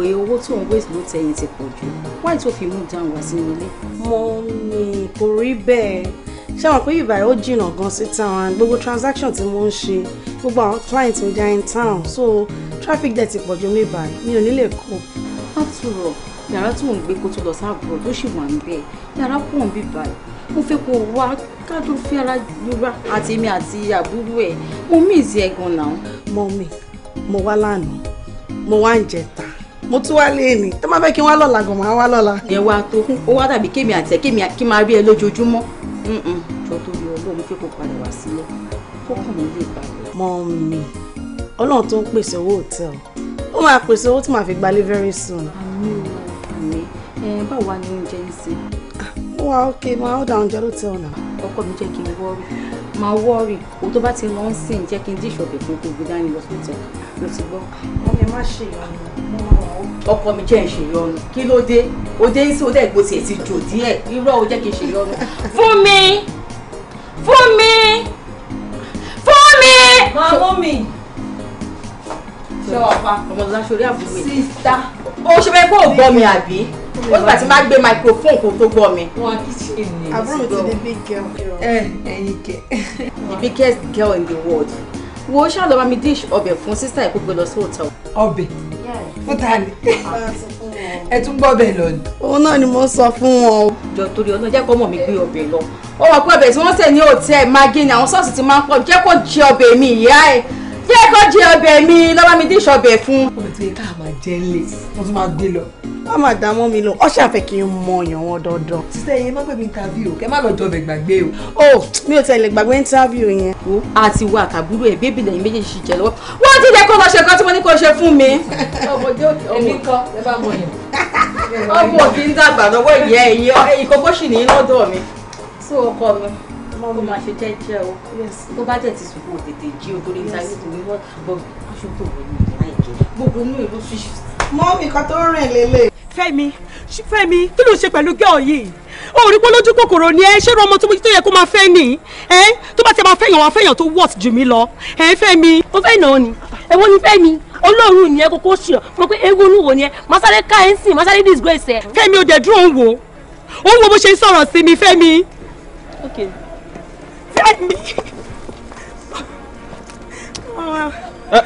pé owó tó ń waste ló tẹ̀yìn ti pọ̀ jù wáyé tó fi mú down wá sínú ilé. mo ní kò rí bẹ́ẹ̀ ṣé àwọn pé ìbàyẹ̀ ó jìnnà gan sí town gbogbo transaction tí mo ń ṣe gbogbo àwọn client mi dá in town so traffic dẹ̀ ti pọ̀ jù mí báyìí mi ò ní kó. wọ́n tún rọ̀ yàrá tó ń gbé kó tó lọ sáàbùrọ̀ tó sì wà níbẹ̀ yàrá pọ̀ ń bí báyìí mo fẹ́ kó wá kájọ fi ara lura àti èmi àti àbúrò ẹ̀ mo mí ìsì ẹ̀gàn náà. mọ́mì mo wá lánàá mo wá ń jẹta mo tún wá lé ní tó máa fẹ́ kí n wá lọ́la gan máa wá lọ́la. ẹ wá tó ó wá dàbí kémi àti ẹ kémi kí máa rí ẹ lójoojúmọ́ jọ tó yọ ọlọ́run pé kò padà wá sílẹ̀ kókàn mi lè balẹ̀. mọ mi ọlọ́run tó ń pèsè owó hòtẹ́ẹ̀lì ó máa pèsè owó tí màá fi gbalé very soon. àmì àmì ẹ báwo wá ní oúnjẹ ń sè. Ah, ó wà ókè máa ó da oúnjẹ lóòótọ́ ọ̀nà. ọkọ mi jẹ́ kí n wọ́ọ̀rì máa wọ́ọ̀rì òun tó bá ti lọ́ọ́ sìn jẹ́ kí n díṣọ̀bì fún gbogbo dání lọ sí ìtẹ̀ ló ti gbọ́. ọmọ ah, mi má ṣe ìyọnu ọkọ mi jẹ́ ń ṣe yọnu kí ló dé o dé sí o dẹ̀ gbó tiẹ̀ ti jò díẹ̀ irọ́ o jẹ́ kí n ṣe fún mi fún mi fún mi. máa mú mi. ṣé o ṣe fẹ́ kó o gbọ́ mi àbí ó sì bàtí máa gbé microphone kó tó gbọ́ mi. àbúrò mi ti di big girl. Eh, ẹyin kẹ. the biggest girl in the world wo ṣáà lọ́ba mi dish ọbẹ̀ fún sísá ìkógbé lọ sí òtá. ọbẹ̀ fúta ni ẹ tún gbọ́ bẹ́ẹ̀ lọ ni. òun náà ni mo sọ fún wọn o. jọ torí ọ̀nà jẹ́ kó mọ̀ mi gbé ọbẹ̀ lọ ó wà pé ọbẹ̀ tí wọ́n sè ní òtẹ́ maggi ni àwọn sọ́ọ̀sì ti máa ń pọ̀ jẹ́ kó jẹ ọbẹ̀ mi ìyá ẹ̀ jẹ́ kó jẹ ọbẹ̀ mi lọ́wọ́ mi díṣọ ọbẹ̀ fún. ọbẹ̀ tó yẹ ká máa jẹ lè wọ́n tún máa gbé lọ. wọ́n máa dá mọ́ mi lọ ọ ṣàfẹ́ kí n mọ ọyàn wọn dandan. sísẹ yẹn má gbẹ̀bí interview o kẹ má lọ jọ ọbẹ̀ gbàgbé o. o mi ò tẹ̀lé gbàgbé interview yẹn. o àti wo àkàbúrò ẹ bébí lẹ́yìn méjèèjì jẹ lọ́wọ́ wọ́n ti jẹ́ kó lọ ṣe nǹkan tí mo ní kó ṣe fún mi. ọmọdé èmi kọ́ ẹ bá mọ yẹn. ọmọ òbí ń dàgbà lọ́wọ́ ìyá ẹ̀yìn ìkókó mo Yes. ṣe jẹ́jẹ́ o tó bá tẹ̀ ti sùnkún tètè jí o torí níta yóò tún wíwọ́ bọ́ aṣọ tó wọ ní ìlà ìjẹ́ gbogbo inú ìlú ṣíṣú. mọ́mì kan tó rìn lélẹ̀. fẹ́mi fẹ́mi kí ló ń ṣe pẹ̀lú gẹ́ọ̀ yìí ó rí polójú kòkòrò ni ẹ ṣé ọmọ tó yẹ kó máa fẹ́ ni ẹ tó bá ti máa fẹ́yàn wá fẹ́yàn tó wọ̀t jù mí lọ ẹ fẹ́mi. ó fẹ́ náà ni èwo ni fẹ́mi olóòrùn ni ẹ kókó ṣì ọ mo pé eégún olúwo ni ẹ masáré ká ẹ ń sìn masáré disgrace ẹ. fẹ́mi ò dẹ̀ dúró ń wò ó ń wo bó ṣe ń sọ̀rọ̀ sí mi fẹ́mi. okay ẹ eh, ẹ eh,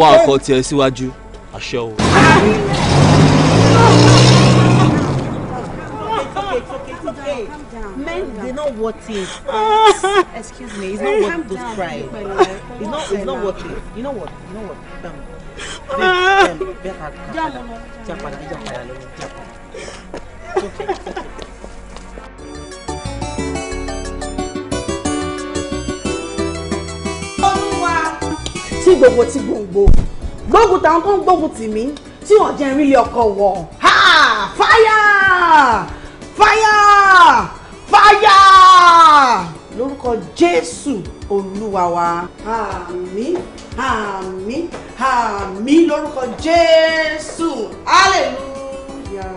ah. eh, ah, tiẹ̀ síwájú, àṣẹ o. Ah. not worth it. Excuse me, it's not worth those pride. It's not, it's not worth it. You know what? You know what? Um, um Okay, okay. tí gbogbo tí gbòǹgbò gbógun táwọn tó ń gbógun tì mí tí wọn jẹ ìrìnlẹ ọkọ wọ ha fire fire fáyà lórúkọ jésù olúwa wa àmín àmín àmín lórúkọ jésù hallelujah.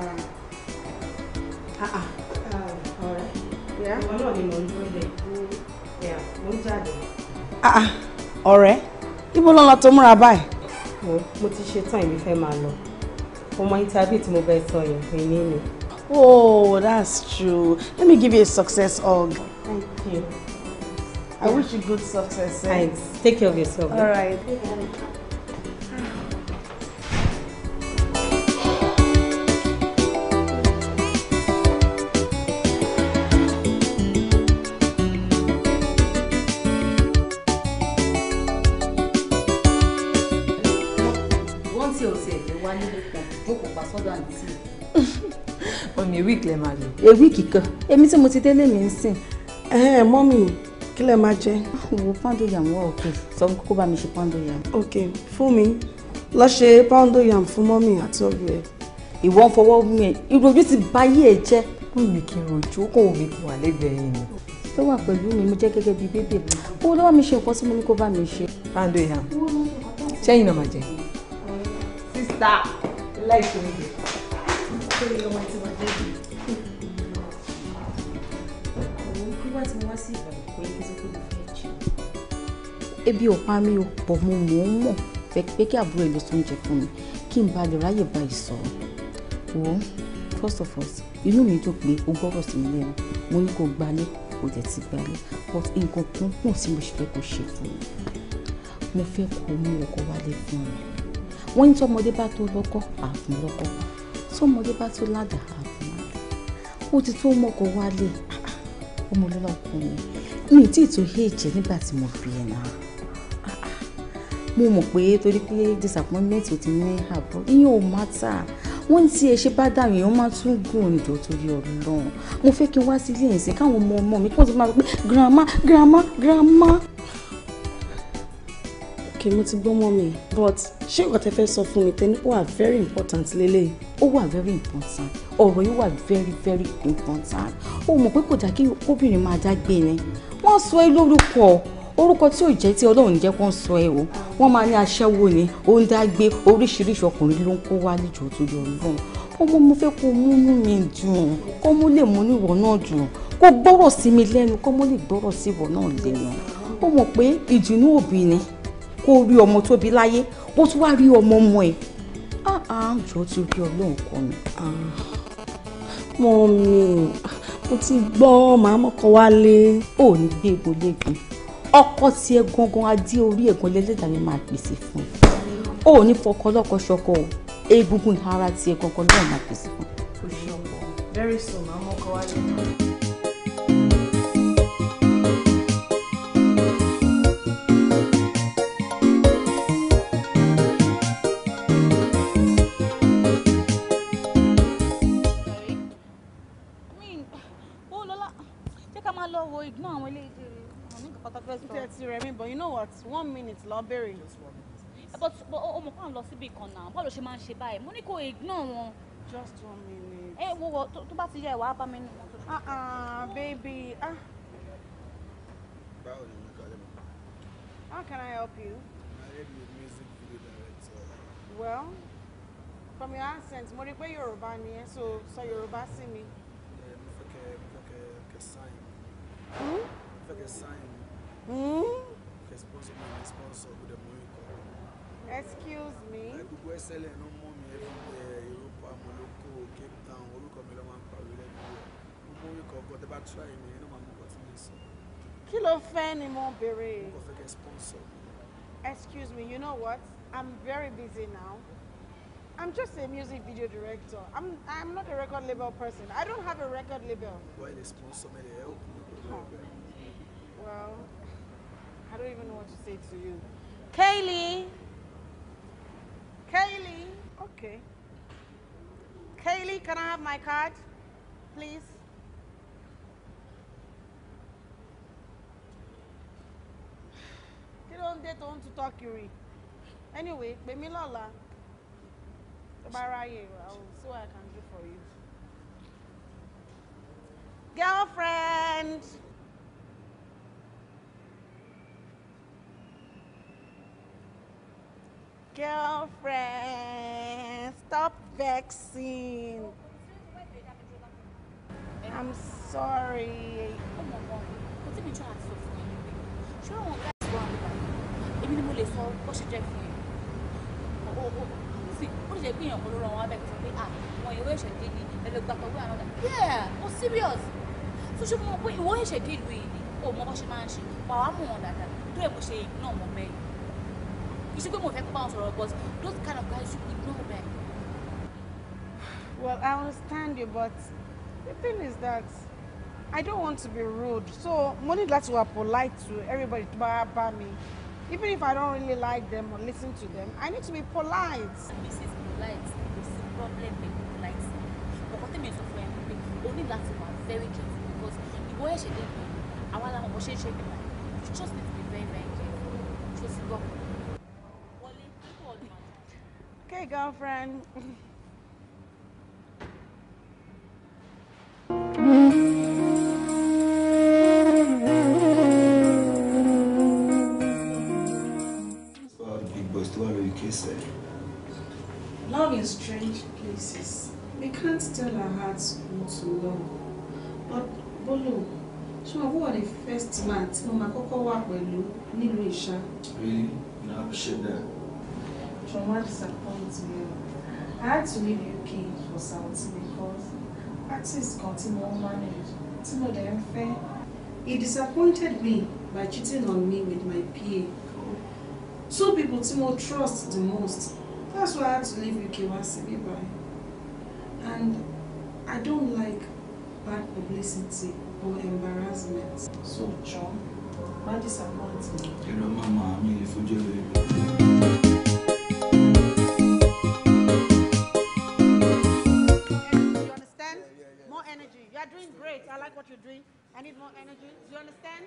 Ah, ah. ah ọ̀rẹ́ ibo ah, ah, lọ́la tó múra báyìí. mo ti ṣetán èmi fẹ́ máa lọ ọmọ ìtàbí tí mo bẹ sọ yẹn èyí ni. Oh, that's true. Let me give you a success hug. Thank you. I wish you good success. Eh? Thanks. Take care of yourself. All right. ní week lẹ máa lò. a week kan èmi tí mo ti délé mi ń sìn. mọ́mì kí lẹ máa jẹ. wo pound yam wọ òkè sọ kó bá mi ṣe pound yam. ok fún mi lọ ṣe pound yam fún mọ́mì àti ọ̀bì ẹ̀. ìwọ ń fọwọ́ mi ẹ̀ ìrojú ti ba ayé ẹ̀ jẹ́. ó mi kí n rojú ó kò wù mí kí wà lẹ́gbẹ̀ẹ́ yìí ni. tó wà pẹ̀lú mi mo jẹ́ gẹ́gẹ́ bíi bébè kó lọ́wọ́ mi ṣe nǹkan tí mo ní kó bá mi ṣe. pound yam ṣẹ́yìn náà máa jẹ. sísá láìpẹ́ bẹ́ẹ̀ òun kí wá ti wá sí ìbàdàn kò yẹ kí n sọ pé mo fẹ́ jù. ebi ò pa mí o pọ̀ mo mọ̀ ọ́n mọ̀ pé kí àbúrò ẹ̀ lọ sí oúnjẹ fún mi kí n bá lè ráyè bá ẹ̀ sọ̀rọ̀ first of all inú mi dùn pé o gbọ́rọ̀ sí mi mo ní kó gbalé kó tẹ̀ ti gbalé but nǹkan tó ń pọ̀ sí mo ṣe fẹ́ kó ṣe fún mi mo fẹ́ kó mú ọkọ wálé fún mi wọ́n ní tọmọdé bá tó lọ́kọ àfún lọ́kọ tọmọdé bá tó ládàá ó ti tó mọ́kọ wálé ọmọ lọ́la ọkùnrin mi ì tí ì tó èjẹ nígbà tí mo fi ẹ̀ mo mọ̀ pé torí pé disappointment ò ti ní àbọ̀ ìyẹn ò mátà wọ́n ti ẹ̀ ṣe bá dàrú yẹn wọ́n máa tún gùn ìjọ torí ọlọ́run mo fẹ́ kí n wá sílé ẹ̀sìn káwọn ọmọ ọmọ mi pọ̀ tó máa sọ grandma grandma grandma okay mo ti gbọ́ mọ́ mi but ṣé nǹkan tẹ fẹ́ sọ fún mi tẹ́ni ó wà very important lélẹ́yìí. ó wà very important ọ̀rọ̀ yìí wà very very important ó mọ̀ pé kò dá kí obìnrin máa dá gbé ni wọ́n sọ ẹ́ lórúkọ orúkọ tí ò jẹ́ tí ọlọ́run jẹ́ kó ń sọ ẹ o wọ́n máa ní aṣẹ́wó ni ó ń dá gbé oríṣiríṣi ọkùnrin ló ń kó wá níjọ́ tó yọ ọlọ́run ọmọ mo fẹ́ kó múnú mi dùn kó mú lè múnú ìwọ náà dùn kó gbọ́rọ̀ sí mi lẹ́nu kó mú lè gbọ́rọ̀ sí ìwọ náà lẹ́nu ó mọ̀ pé ìdùnnú òbí ni kó o rí ọmọ tó bí láyé ó tún wá rí ọmọ ọmọ ẹ̀ ah, ah, jọ tó rí ọlọ́run kọ́ mi. Ah, mọ mi mo ti gbọ́ màmá ọkọ wálé. ò ní gbé egbò léegun ọkọ tí ẹ gangan adé orí ẹ̀gbọ́n lẹ́lẹ́dàá ni máa pèsè fún ẹ ò ní fọkọ lọ́kọ ṣọkọ o egungun ara tí ẹ gangan lọ́run máa pèsè fún ẹ. very soon màmá ọkọ wálé. rẹ̀ but you know what one minute Just one minute. but but o mọ̀ pàm lost síbi kan náà bọ́ọ̀lù ṣe máa ń ṣe báyìí mo ní kò ignore wọn. just one minute. Eh, wo wọ To bá ti yẹ ìwà bá mi nù. ah ah baby ah. how can I help you. I read your music video director. well from your accent mo you're pé Yorùbá so so sọ Yorùbá me. mi. Eh, mo fẹ́ kẹ́ mo fẹ́ kẹ́ kẹ́ sign. Hmm? mo fẹ́ sign responsible hmm? and responsible with the money excuse me. gbogbo ẹsẹ̀lẹ̀ ló mú mi everywhere Europa Moloko Cape Town orúkọ mi ló máa ń pariwo lẹ́nu rẹ̀ mo mú orí kọ̀ọ̀kan tẹ́ bá try mi ẹ̀ náà máa mú nǹkan tí mo sọ. kí ló excuse me you know what I'm very busy now. I'm just a music video director. I'm I'm not a record label person. I don't have a record label. Why the sponsor may help. Well, I don't even know what to say to you. Kaylee. Kaylee. Okay. Kaylee, can I have my card, please? Get on ń dé tó talk, Yuri. Anyway, pè mí lọ́la. Tó bá I will see what I can do for you. Girlfriend. Girlfriend, stop vexing. I'm sorry. Yeah, ó oh, serious. So ṣe mọ̀ pé ìwé ìṣẹ̀dé ìlú yìí ni òun mọ bó ṣe máa ń ṣe. Wàá mú wọn dáadáa tó yẹ kó You should go pé mo bounce or bá but those kind of guys you ignore them. well i understand you but the thing is that i don't want to be rude so mo need láti wà polite to everybody to bá bá mi even if i don't really like them or listen to them i need to be polite. this is polite This is sí problem pẹ̀lú polite but what sọ fún ẹ pé o ní very careful because ìwọ ẹ̀ṣẹ̀ dé ìlú àwọn aláwọ̀ ọ̀ṣẹ̀ ṣe bí wà you just need Hey, girlfriend. Love in strange places. We can't tell our hearts what to love. But Bolo, ṣé wọn wọ the first man tí mo máa kọ́kọ́ wà pẹ̀lú nílùú Ìṣá? Really? You know, I appreciate that from one me. I had to leave UK for Saudi because artists continue on marriage. It's not unfair. He disappointed me by cheating on me with my PA. Two people tí mo trust the most. That's why I had to leave UK wá sí bí And I don't like bad publicity or embarrassment. So, John, my disappointment. You know, Mama, I'm really for you. what you drink. I need more energy. Do you understand?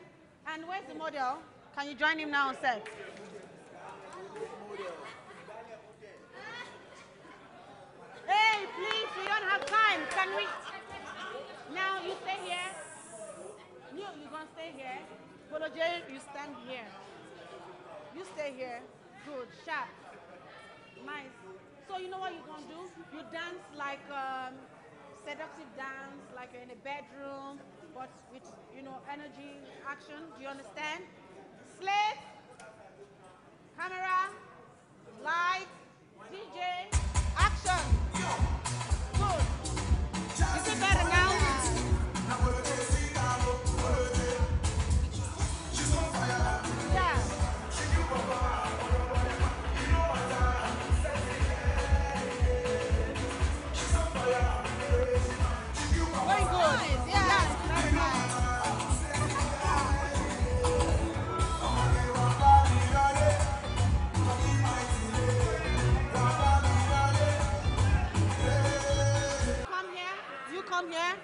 And where's the model? Can you join him now on set? Hey, please, we don't have time. Can we? Now you stay here. You, you're going to stay here. Polo J, you stand here. You stay here. Good, sharp. Nice. So you know what you're going to do? You dance like... Um, seductive dance, like you're in a bedroom, but with, you know, energy, action. Do you understand? Slate, camera, light, DJ, action. Good. Is it better now? come here?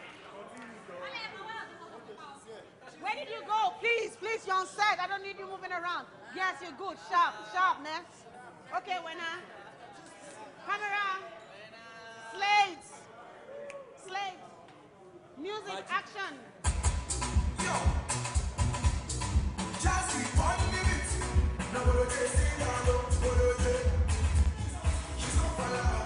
Where did you go? Please, please, you're on set. I don't need you moving around. Yes, you're good. Sharp, sharp, Okay, Wena. Camera. Slates. Slates. Music, action. Yo. Just be one minute. Now, what do say? Now, what do say? She's gonna follow.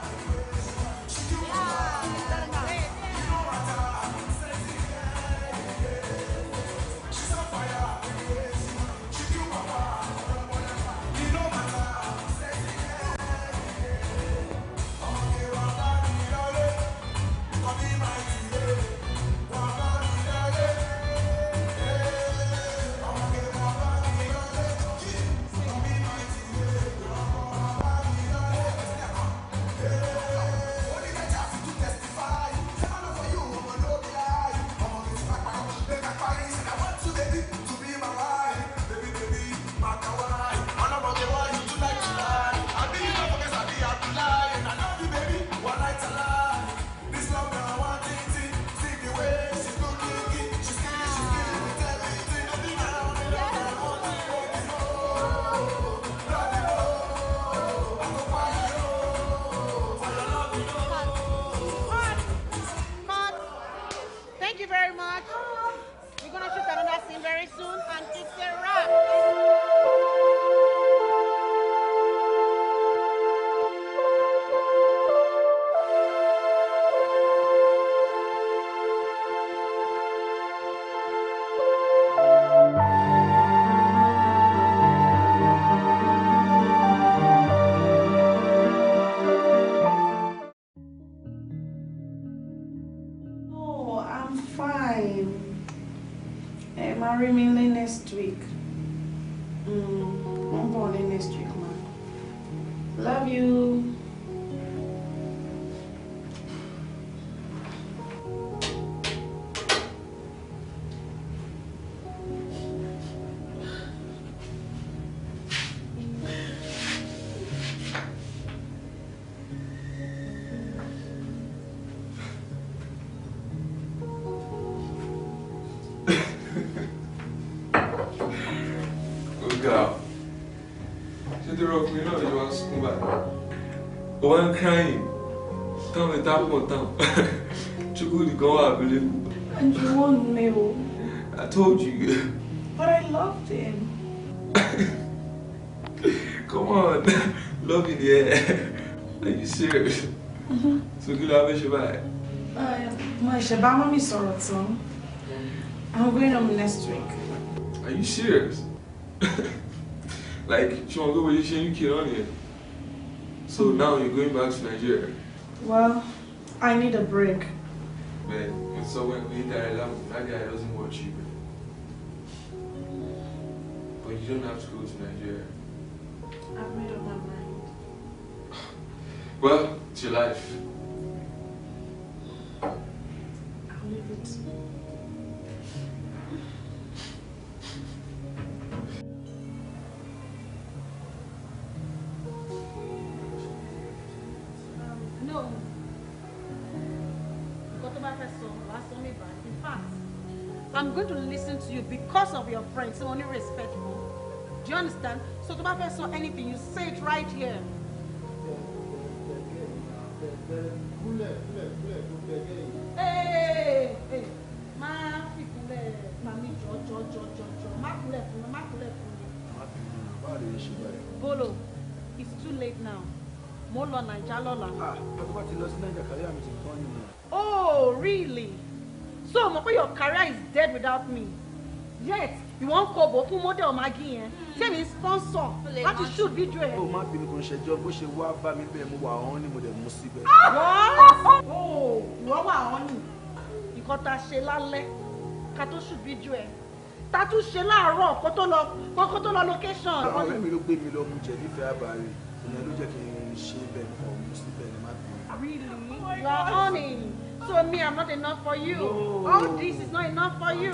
crying. Come and tap on tap. Chukwudi go available. And you won me. I told you. But I loved him. Come on. Love in the air. Are you serious? So good have Shabbat. Uh, my Shabbat mommy sorrow song. I'm going home next week. Are you serious? like, she won't go with you, she ain't kid on here. So now you're going back to Nigeria? Well, I need a break. But when we with that guy doesn't watch you. But you don't have to go to Nigeria. I've made up my mind. Well, it's your life. I'll leave it. E i'm going to listen to you because of your friends. tí only respectful. do you understand so tó bá so anything you say it right here. Hey, hey, kúlẹ̀ tó bẹ̀gẹ́ yìí. máa fi kúlẹ̀ màmí jọjọjọjọ má kúlẹ̀ fún bolo it's too late now mo lọ nàìjà lọ́la. ọdún ah, bá ti lọ sí nàìjà kárí àmì ti tán nìyẹn. oh really so mo pe your career is dead without me yet ìwọ̀n kọ̀bọ̀ fún model magi yẹn tẹ́mi hmm. sponsor láti shoot video ẹ̀. o oh, má bínú kò ń ṣẹjọ bó ṣe wá bá mi bẹ́ẹ̀ mo wà ọ́n ni mo dẹ̀ mú síbẹ̀. Ah! Oh, wọ́n wọ́n wà ọ́n ni nǹkan tá a ṣe lálẹ́ ká tó shoot video ẹ̀ ta tún ṣe láàárọ̀ kó tó lọ location. àwọn ọ̀rẹ́ mi ló gbé mi lọ mú jẹ nífẹ̀ẹ́ àbárí ìyẹn ló jẹ́ kí n Really? Oh you are on it. So me, I'm not enough for you. No. All this is not enough for you.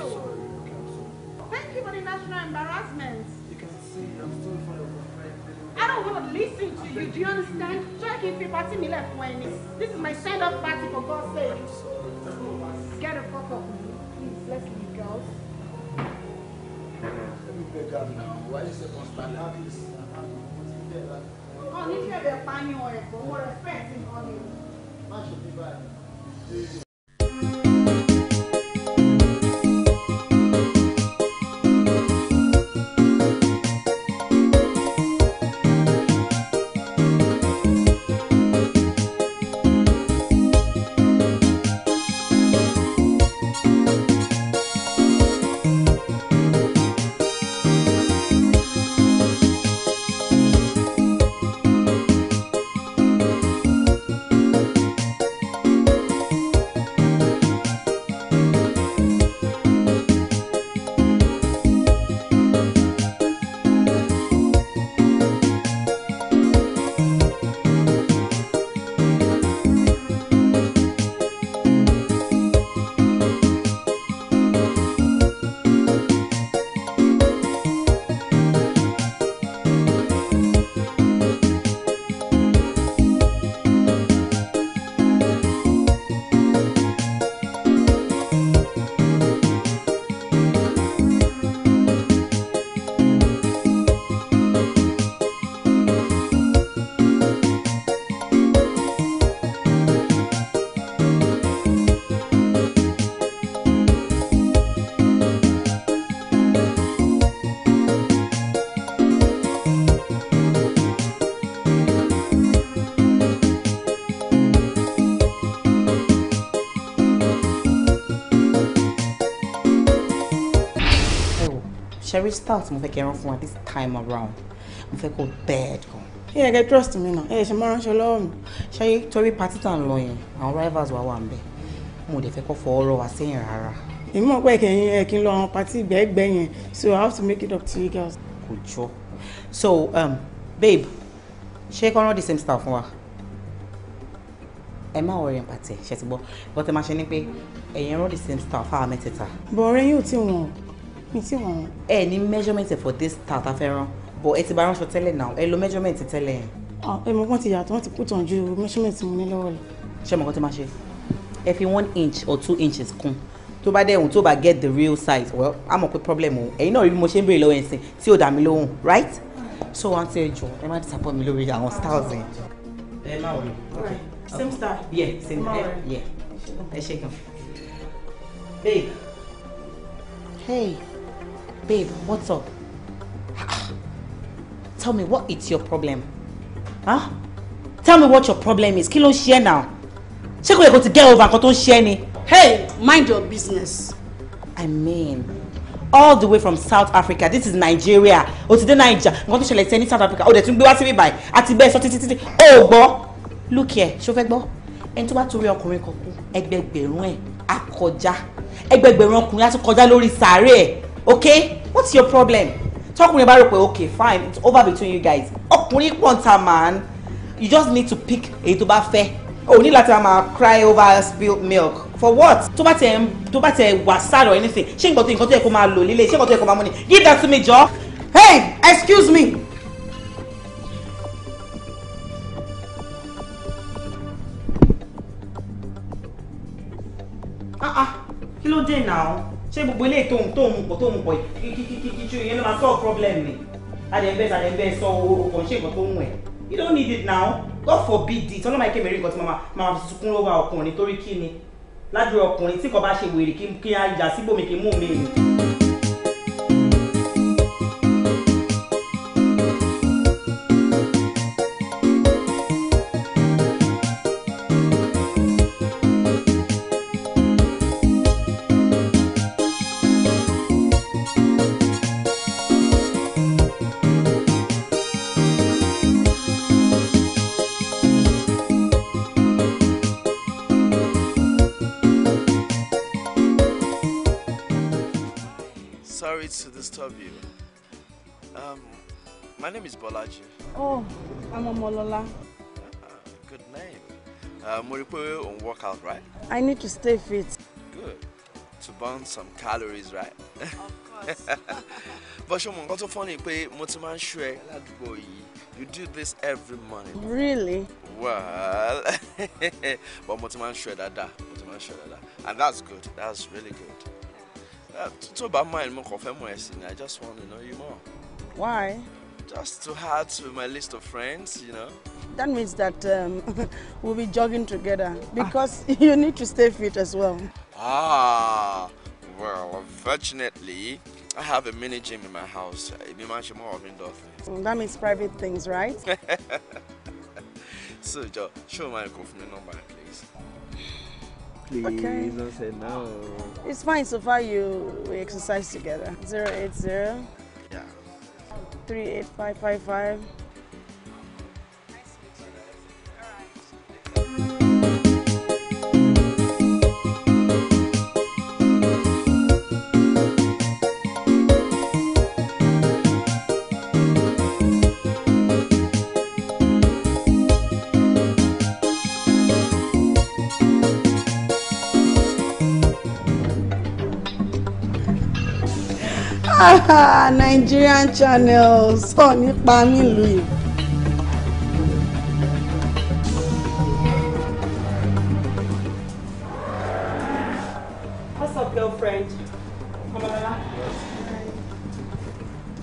Thank you for the national embarrassment. You can see I'm still in front of for friend. I don't want to listen to you. Do you understand? So I can party me left when this is my stand up party for God's sake. Get the fuck off me, please. Let's leave, girls. Let me beg up now. Why is it constant like this? oníṣẹ̀lẹ̀ pààyàn ẹ̀kọ́ mo respect nǹkan ni. má ṣe bí báyìí. rí star tí mo fẹ́ this time around mo fẹ́ kó bẹ́ẹ̀ gan. ẹ trust me now. Hey, shamaran shalom. Shall lọ́wọ́ mi ṣáyé torí pati tá à rivals were one day. bẹ mo dẹ̀ fẹ́ kọ́ fọ ọ̀rọ̀ wa sẹ́yìn rárá. èmi mọ̀ pé kẹ́yìn ẹ̀ kí n lọ àwọn so I have to make it up to you girls. kò jọ so um, babe ṣé kọ́ all the same stuff. fún wa ẹ má wọrin pàtẹ ṣe ti gbọ́ bọ́tẹ́ máa all the same star fáwọn mẹ́tẹ̀ẹ̀ta. bọ̀ọ̀rẹ́ yóò you wọ́n mi tí wọn. ẹ ní measurement for this ta ta fẹ́ rán bọ̀ ẹ ti bá ránṣọ tẹ́lẹ̀ náà ẹ lo measurement tẹ́lẹ̀ yẹn. ẹ̀mọ́ wọn ti yàtọ̀ wọn ti kùtàn ju measurement mo ní lọ́wọ́ lọ. ṣé mo kàn ti máa ṣe ẹ fi one inch or two inches kún tó bá dẹ̀hùn tó bá get the real size well á mọ̀ pé problem o ẹ̀yin náà rí bí mo ṣe ń béèrè lọ́wọ́ ẹ̀sìn tí ò dá mi lóhùn right so wọn ti ẹ jọ ẹ má disappoint mi lórí àwọn styles yẹn. ẹ má wọlé same style. yeah same yeah ẹ ṣe gan. babe. hey. Babe, what's up? Tell me, what is your problem? Huh? Tell me what your problem is. Kí ló ń ṣe now? Ṣé kò yẹ kó ti get over nǹkan tó ń ṣe ni? Hey, mind your business. I mean, all the way from South Africa. This is Nigeria. O ti dé Naija. Nǹkan tó ṣẹlẹ̀ sí ní South Africa. O dẹ̀ tún gbé wá síbí báyìí. A ti bẹ́ẹ̀ sọ títí títí. O gbọ́. Look here, ṣo fẹ́ gbọ́? Ẹni tó bá torí ọkùnrin kan kú, ẹgbẹgbẹ̀rún ẹ̀ á kọjá. Ẹgbẹgbẹ̀rún ọkùnrin á tún kọjá lórí sàárè ẹ̀ okay what's your problem tọkùnrin me about it, okay fine it's over between you guys ọkùnrin pọ̀ntà man you just need to pick èyí tó bá fẹ́ o ní láti máa cry over spilled milk for what tó bá tẹ tó bá tẹ wà sad or anything ṣé nǹkan tó nǹkan tó yẹ kó máa lò lílé ṣé nǹkan tó yẹ kó máa mú give that to me jọ. hey excuse me. ah ah kí ló now ṣé gbogbo ilé tóun tóun pọ̀ tóun pọ̀ kíkíkíkí you don't need it now God forbid it ọlọ́mọ ike mẹ́rin nǹkan tí màmá fi sunkún lọ́wọ́ ọkùnrin torí kí ni ládùúgbò ọkùnrin tí nǹkan bá ṣe wèrè kí á yà síbòmí kí mú mi rìn. name is Bolaji. Oh, I'm Omolola. Uh, good name. Uh, ah, Moripo on workout, right? I need to stay fit. Good. To burn some calories, right? Of course. But ṣé o mọ̀ nǹkan tó funny pé mo ti You do this every morning. Really? Well, but mo ti máa ń ṣú ẹ dáadáa. Mo And that's good. That's really good. Uh, ah, to bá mind mo kàn fẹ́ mọ̀ ẹ́ I just want to know you more. Why? just to add to my list of friends, you know. That means that um, we'll be jogging together because ah. you need to stay fit as well. Ah, well, fortunately, I have a mini gym in my house. That means private things, right? so, Joe, show my call number, please. Please okay. don't say no. It's fine so far you we exercise together. Zero eight zero. 38555 Ah, Nigerian Channel sọ nípa nílùú yìí. What's up, girlfriend? Amalola.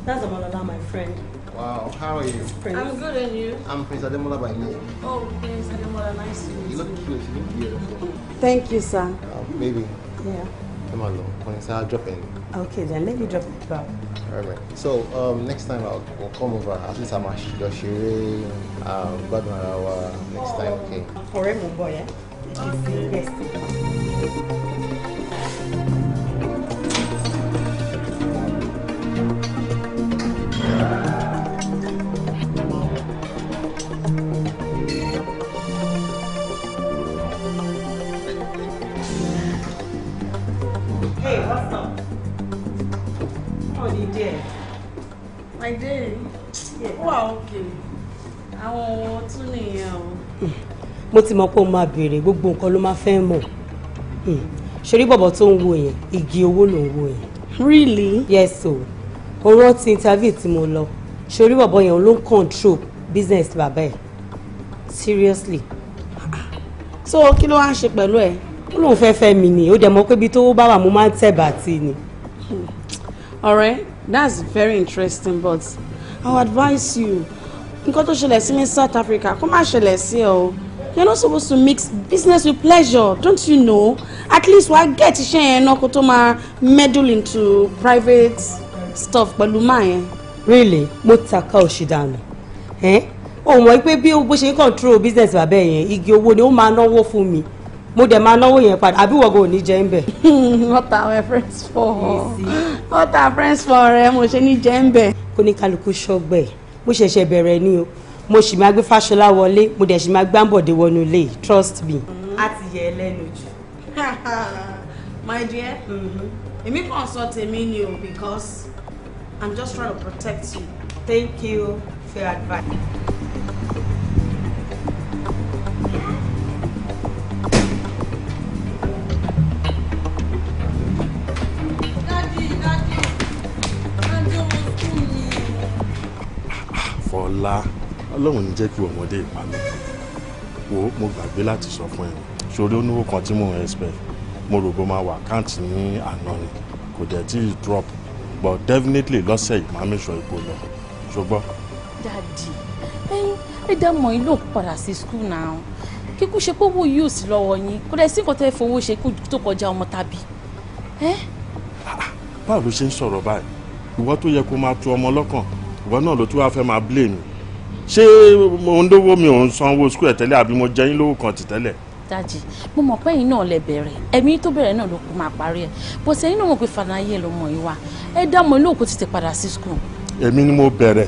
That's Amalola, my friend. Wow, how are you? I'm good, and you? I'm Prince Ademola by name. Oh, Prince Ademola, nice to meet you. You look cute, you look beautiful. Thank you, sir. Uh, baby. Yeah. Come on, along, Prince, I'll drop in. Okay, then let me drop it back. Alright. So um, next time I'll, I'll come over. At least I'm Doshire, um, Badmarawa. Next time, okay? Forever boy, eh? Yes. yes. àwọn ohun tún nìyẹn o. mo ti mọ pé o máa béèrè gbogbo nǹkan ló máa fẹ́ mọ̀ hmm. ṣorí bọ̀bọ̀ tó ń wo yẹn igi owó ló ń wo yẹn. really. yes o o rántí interview tí mo lọ ṣorí bọ̀bọ̀ yẹn ló ń control business bàbá ẹ̀ seriously. so kí ló wá ń ṣe pẹ̀lú ẹ̀. ó lóun fẹ́ fẹ́ mi ni ó dẹ̀ mọ̀ pé ibi tó bá wà mo máa ń tẹ̀ bàtì ni. Hmm. ọ̀rẹ́ that's very interesting but i will advise you nǹkan tó ṣẹlẹ̀ sí ní South Africa kó má ṣẹlẹ̀ sí ẹ o you're not supposed to mix business with pleasure don't you know at least wàá get iṣẹ́ yẹn náà kó tó máa meddle into private stuff pẹ̀lú máa yẹn. really mo taka òṣì dànù òun wọ́n pé bí bó ṣe ń control business bàbá yẹn igi owó ni ó máa náwó fún mi mo dẹ̀ máa náwó yẹn padà àbí wọ́gọ̀ ò ní jẹ́ ń bẹ̀. what are my friends for what are friends for mo ṣe ní jẹ́ ń bẹ̀. kóníkálukú ṣọgbẹ́ ẹ̀ mo ṣẹ̀ṣẹ̀ bẹ̀rẹ̀ ni o mo sì máa gbé Fáṣọlá wọlé mo dẹ̀ sì máa gbàǹbọ̀dé wọnú ilé trust me. a ti yẹ ẹ lẹ́nu jù. my dear mm-hmm. èmi kàn sọ tèmi ni o because i'm just trying to protect you. thank you for your advice. Fọlá ọlọ́run ní jẹ́ kí ọmọdé ìpa mi wo mo gbàgbé láti sọ fún ẹ sórí oníwó kan tí mò ń expect mo rò bó máa wà àkáǹtì ní àná ni kò dẹ̀ tí drop but definitely lọ́sẹ̀ yìí máa mẹ́sọ̀ ipò lọ ṣùgbọ́n. dadi ẹ dá mọ ilé òkú padà sí school náà kíkú ṣe pé owó yóò sí lọ́wọ́ yín kò dẹ̀ sí nǹkan tẹ́ fowó ṣe kó tó kọjá ọmọ tàbí. Ah, ah, báwo ló ṣe ń sọ̀rọ̀ báyìí ìwọ tó yẹ kó máa tu ọmọ lọ́kàn ìwọ náà ló tún wá fẹ́ máa blame mi ṣé mo ń dówó mi ò ń sanwó skul ẹ̀ tẹ́lẹ̀ àbí mo jẹ́ yín lówó kan ti tẹ́lẹ̀. dájì mo mọ̀ pé ẹ̀yin náà lẹ bẹ̀rẹ̀ ẹ̀mí tó bẹ̀rẹ̀ náà ló kó máa parí ẹ̀ bó ṣe ẹ̀yin náà mọ̀ pé fanaye ló mọ̀ yín wá ẹ dá mọ̀ inú òkú ti ti padà sí skul. èmi ni mo bẹ̀rẹ̀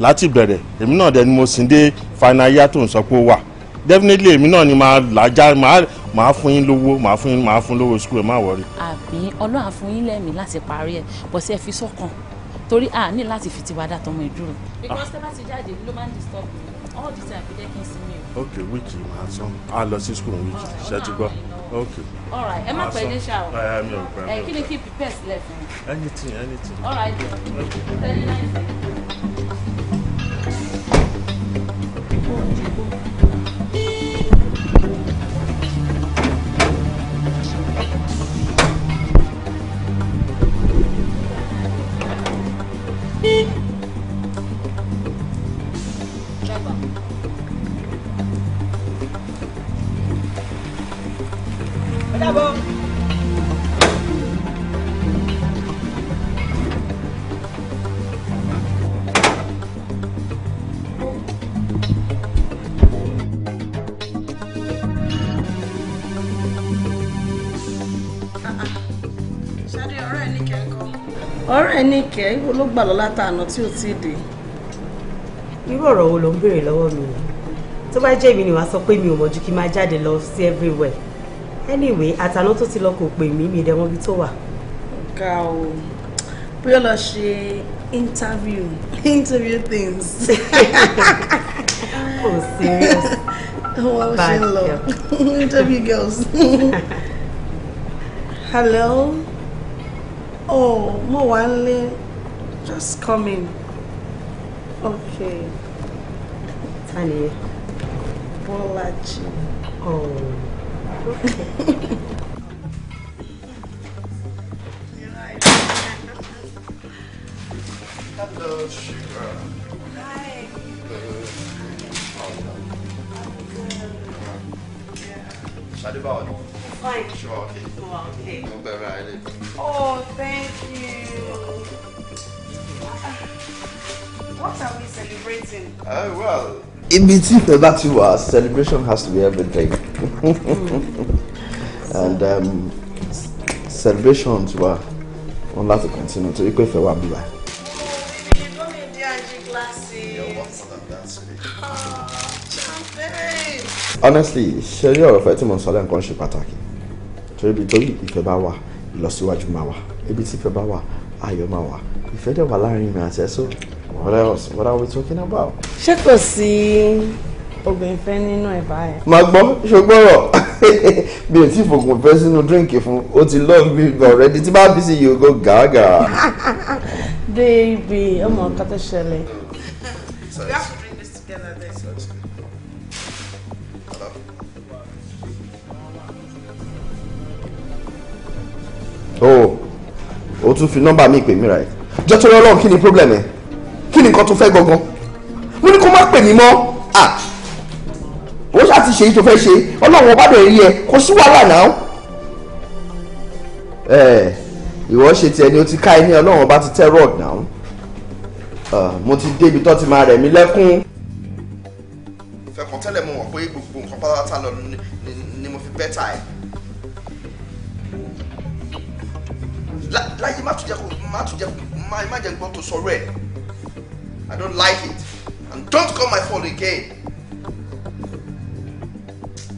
láti bẹ̀rẹ̀ èmi náà dẹ̀ ni mo sì ń dé fanaye tó ń sọ pé ó wà definitely èmi náà ni màá làjà màá fún yín lówó màá fún yín màá fún lówó skul ẹ má wọrí. àbí ọlọ́run á fún yín lẹ́mìí láti parí ẹ̀ bó ṣe fi sọ́kàn. So torí a ní láti fi tiwa dá tọmọ ìdúró. because tẹ́lá ti jáde ló máa ń disturb me all the time kò jẹ́ kí n sinmi o. ok wíìkì máa sọ a lọ sí school wíìkì ṣe ti gbọ́ ok. alright ẹ má pẹ́ dé ṣá o ẹ kí ni kí prepare sílẹ̀ fún mi. anything anything. alright tẹ̀lé náà. ní kẹ́ ìwọ ló gbà lọ látàánà tí ò tí ì dé. irú ọ̀rọ̀ wo ló ń béèrè lọ́wọ́ mi tó bá jẹ́ èmi ni wàá sọ pé mi ò mọ̀jú kí n máa jáde lọ sí everywhere anyway àtàná tó ti lọ kò pè mí mi ìdẹ́wọ́n bí tó wà. ga o bóyá lọ ṣe interview interview things. oh serious bad girl interview girls hello. Oh, mo wà Just coming. Okay. Ta ni? Bọ́lájí. Oh. Hello, Shiva. Hi. Good. How are you? Shall I do Fine. Sure, okay. okay. Don't bear Oh, thank celebrating. Oh, well. Ibi tí ìfẹ́ bá ti wà, celebration has to be everything. Hmm. and um, celebration ti wà, wọ́n continue So you ìfẹ́ wà ń bíbá. Oh, honestly ṣe rí ọ̀rọ̀ fẹ́ tí mo ń sọ you ṣe pàtàkì torí you tó ìfẹ́ bá wà ìlọsíwájú máa wà ibi tí ìfẹ́ bá wà ayọ̀ máa wà ìfẹ́ dẹ̀ wà What else? What are we talking about? Ṣé kò sí obìnrin fẹ́ nínú ẹ̀ báyìí? Màá gbọ́ ṣogbọ́rọ̀ bí o ti fògùn fẹ́ sínú dírìnkì fún o ti love me already tí bá bí sí yóò go gàgà. Baby, ọmọ nǹkan tó ṣẹlẹ̀. We have to drink this together then. Oh, o tún fi nọ́mbà mi pè mí right? Jọ́tọ́rọ́ ọlọ́run kí ni problem ẹ? Eh? ni nǹkan tó fẹ́ gangan mo ní kó má pè mí mọ́ à ó ṣáà ti ṣe èyí ṣe ọlọ́run ọba dẹ̀ rí ẹ kó sí wàhálà náà ẹ ìwọ ṣe tiẹ̀ ni o ti ká ẹ ní ọlọ́run ọba ti tẹ́ rọ̀d náà mo ti débi tó ti máa rẹ̀ mí lẹ́kún. fẹ̀kàn tẹ́lẹ̀ mo mọ̀ pé gbogbo nǹkan pátá lọ ni mo fi bẹ́tà ẹ̀. láyé má tún jẹ́ kó má tún jẹ́ kó má jẹ́ gbọ́ tó sọ̀rọ̀ ẹ̀. I don't like it. And don't call my phone again.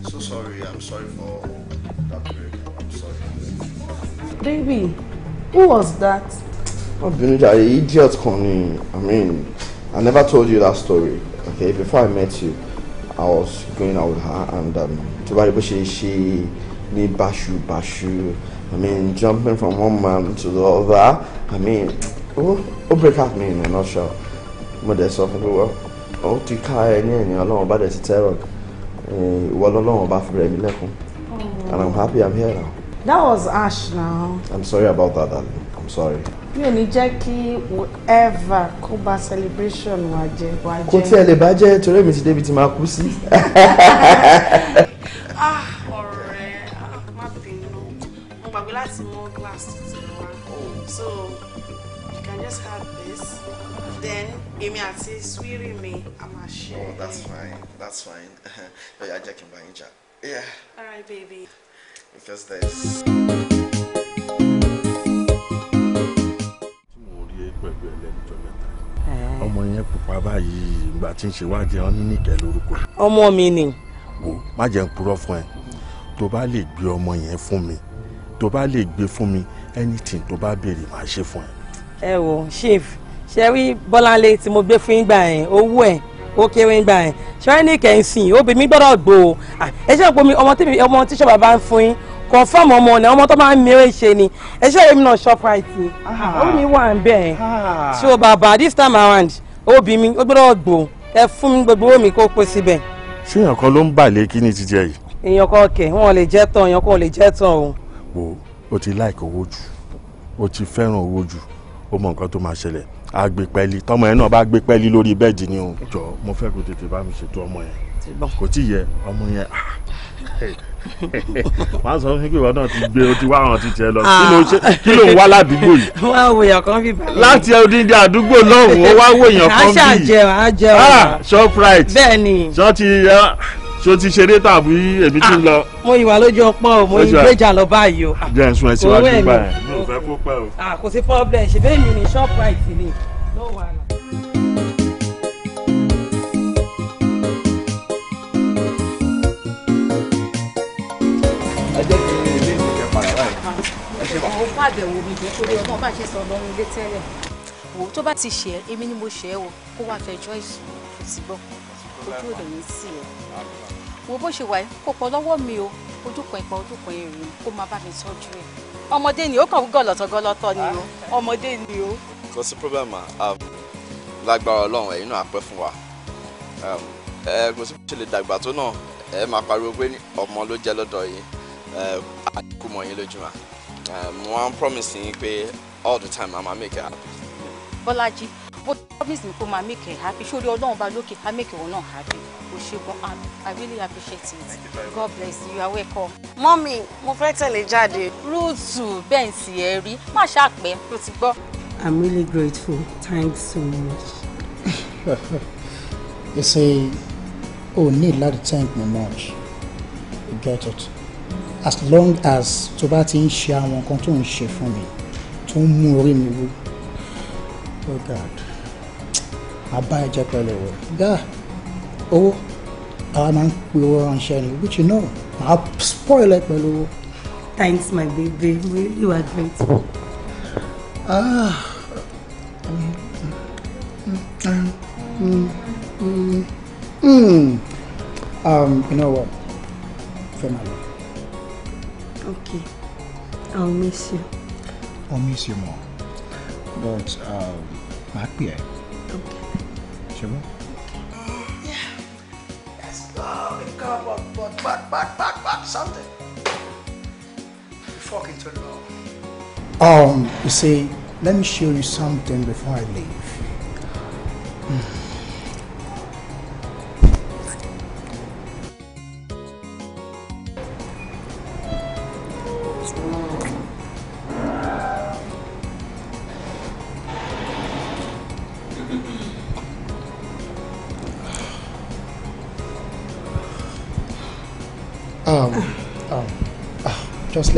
So sorry. I'm sorry for that break. I'm sorry. Baby, who was that? Oh, Benita, you idiot, Connie. I mean, I never told you that story. Okay, before I met you, I was going out with her, and um, to she, she me bashu bashu. I mean, jumping from one man to the other. I mean, oh, oh break up me in a nutshell mo dẹ̀ sọ fún pé wọ́n ó ti ká ẹ ní ọlọ́run bá dẹ̀ ti tẹ́rọ̀ eh, ìwọ lọ́lọ́run bá fi rẹ̀ mí lẹ́kún oh. and i'm happy i'm here now. that was ash now. i'm sorry about that darling i'm sorry. mi ò ní jẹ́ kí ever kó ba celebration wa jẹ́ wa jẹ́. kò tiẹ̀ lè bá jẹ́ torí mi ti débi tí màá kú sí. ah ọ̀rẹ́ ah, má bínú mo gbàgbé láti mú glass tuntun wa oh, so you can just have this then èmi àti swiri mi a máa ṣe. oh that's fine that's fine oya jẹ́ kí n bá yín jà. yeah. alright baby. because there's. tí mo rí pẹ̀lú ẹlẹ́nijọ́ mẹ́ta ọmọ yẹn pupa báyìí ìgbà tí ń ṣe wádìí ọ ní nìkẹ́ lórúkọ. ọmọ mi ni. wo má jẹ́ n purọ́ fún ẹ tó bá lè gbé ọmọ yẹn fún mi tó bá lè gbé fún mi anything tó bá béèrè máa ṣe fún ẹ. ẹ wo chief ṣe rí bọ́láńlé tí mo gbé fún yín gbà yẹn owó ẹ̀ ó kéré ń gbà yẹn ṣe rí ní kẹ́hìnsìn obìnrin mi gbọ́dọ̀ gbò ó ẹ ṣe pé ọmọ tí ọmọ tíṣọ́ bàbá ń fún yín confam ọmọ ọ̀nà ọmọ tó máa ń mèrè ṣe ni ẹ ṣe èmi náà shoprite ah. ó ní wà ń bẹ̀ ẹ́ ah. so bàbá this time around obìnrin ó gbọ́dọ̀ gbò ẹ fún mi gbogbo omi kó pé síbẹ̀. ṣé èèyàn kan ló ń bàlẹ̀ kí ni jíjẹ yìí. èèyàn kan kẹ wọn ò lè jẹ tán èèyàn kan ò lè jẹ tán o. wo o ti láìkè owó jù o ti fẹ́ràn owó jù o mọ nǹkan tó máa ṣẹlẹ̀ agbèpẹ́lí tọmọ yẹn náà bá gbé pẹ́lí lórí bẹ́ẹ̀dì ni o. jọ mo fẹ́ kó tètè bá mi ṣètò ọmọ yẹn kò tí yẹ ọmọ yẹn wọ́n sọ fún kí ìwọ náà ti gbé o ti wá àwọn ti tiẹ̀ lọ kí ló ń wá ládùúgbò yìí. wọ́n á wòyàn kan bí bàbá. láti odindi àdúgbò lọ́hùn-ún ó wá wòyàn kan bí. a ṣàjẹun a ah, jẹun. shoprite bẹ́ẹ̀ ni. sọ ti. Uh, ṣé o ti ṣeré tàbí èmi ti ń ah, lọ. mo ìwà lójú ọpọ o mo ìgbéjà lọ báyìí o. jẹ́ ẹ̀sùn ẹ̀ síwájú báyìí mi ò fẹ́ kó pẹ́ o. Ah, kò sí problem ṣe bẹ́ẹ̀ mi ní shoprite ni ló wà lọ. òun pàbẹ̀wò mi jẹ́ torí ọgbọ́n bá ṣe sọ lọ́run ilé tẹ́lẹ̀ wò tó bá ti ṣe é èmi ni mo ṣe é wò kó wàá fẹjọ́ ìsùn ti gbọ́ kó kúrò lẹ́yìn sí ẹ wo bó ṣe wà yìí kò pọ̀ lọ́wọ́ mi o ojú kan ìgbà ojú kan èrè kó máa bá mi tọ́jú ẹ̀ ọmọdé ni ó kàn gọ̀lọ̀tọ̀ gọlọ́tọ̀ ni o ọmọdé ni o. kò sí problem lágbára ọlọ́run ẹ̀yin náà á pẹ́ fún wa ẹ kò sí ṣe lè dàgbà tó náà ẹ máa pariwo pé ọmọ ló jẹ́ lọ́dọ̀ yìí àdínkù mọ́ yín lójú wa mo promise yín pé all the time I'm ma make it happen. Bọ́lájí. Well, but promise me kó máa make her happy ṣórí ọlọ́run bá lókè á make her not happy o ṣe gan i really appreciate it god bless you you are welcome. mọ́mì my fẹ́ tell me, rúùtù bẹ́ẹ̀ sì ẹ rí má ṣàpẹ́ ló ti i'm really grateful thanks so much. you say, oh, need láti thank me much you get it as long as tó bá ti ń ṣe àwọn nǹkan tó ń ṣe fún mi tó ń oh god abáyẹjẹ pẹ̀lú owó yeah owó àwọn máa ń pe owó ránṣẹ́ ni which you know máa spoil ẹ pẹ̀lú owó. thanks my baby You really wa grateful. ah mm, mm, mm, Um, you know what fẹ́ okay i'll miss you. i'll miss you more but um, máa pè Yeah. But, but, but, but, but, something. you fucking too off. Um, you see, let me show you something before I leave.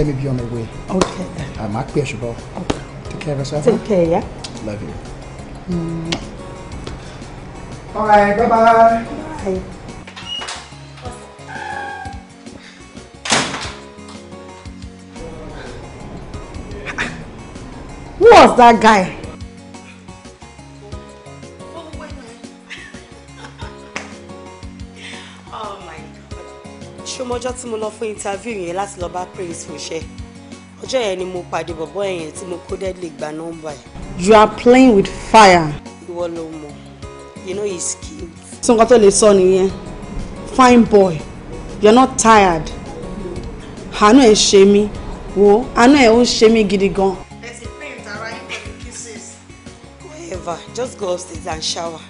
let me be on my way. Okay. I'm happy, Shubo. Okay. Take care of yourself. Take care, yeah. Love you. Mm. All right, bye bye. Bye. Who was that guy? ọjọ́ tí mo lọ fún interview yẹn láti lọ bá praise fún iṣẹ́ ọjọ́ yẹn ni mo pàdé bọ̀bọ́ ẹ̀yẹn tí mo kó deadly gba nọ́mbà ẹ̀. you are playing with fire. ìwọ ló mọ you know his skills. sọ tó lè sọ nìyẹn fine boy you're not tired àánú ẹ̀ ṣe mí wo àánú ẹ̀ ó ṣe mí gidi gan. ẹ ti paint ara yín pẹ̀lú kisses. whatever just go upstairs and shower.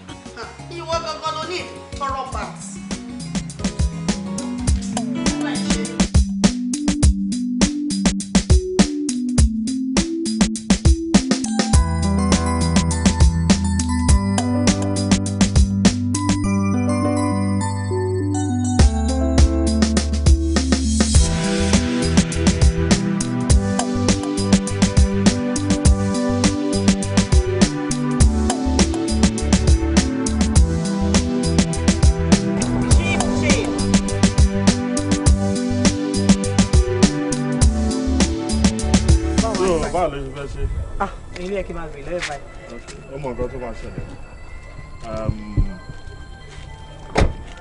kí n máa bèèrè lọ́wọ́ báyìí. ó mọ nǹkan tó máa ṣẹlẹ̀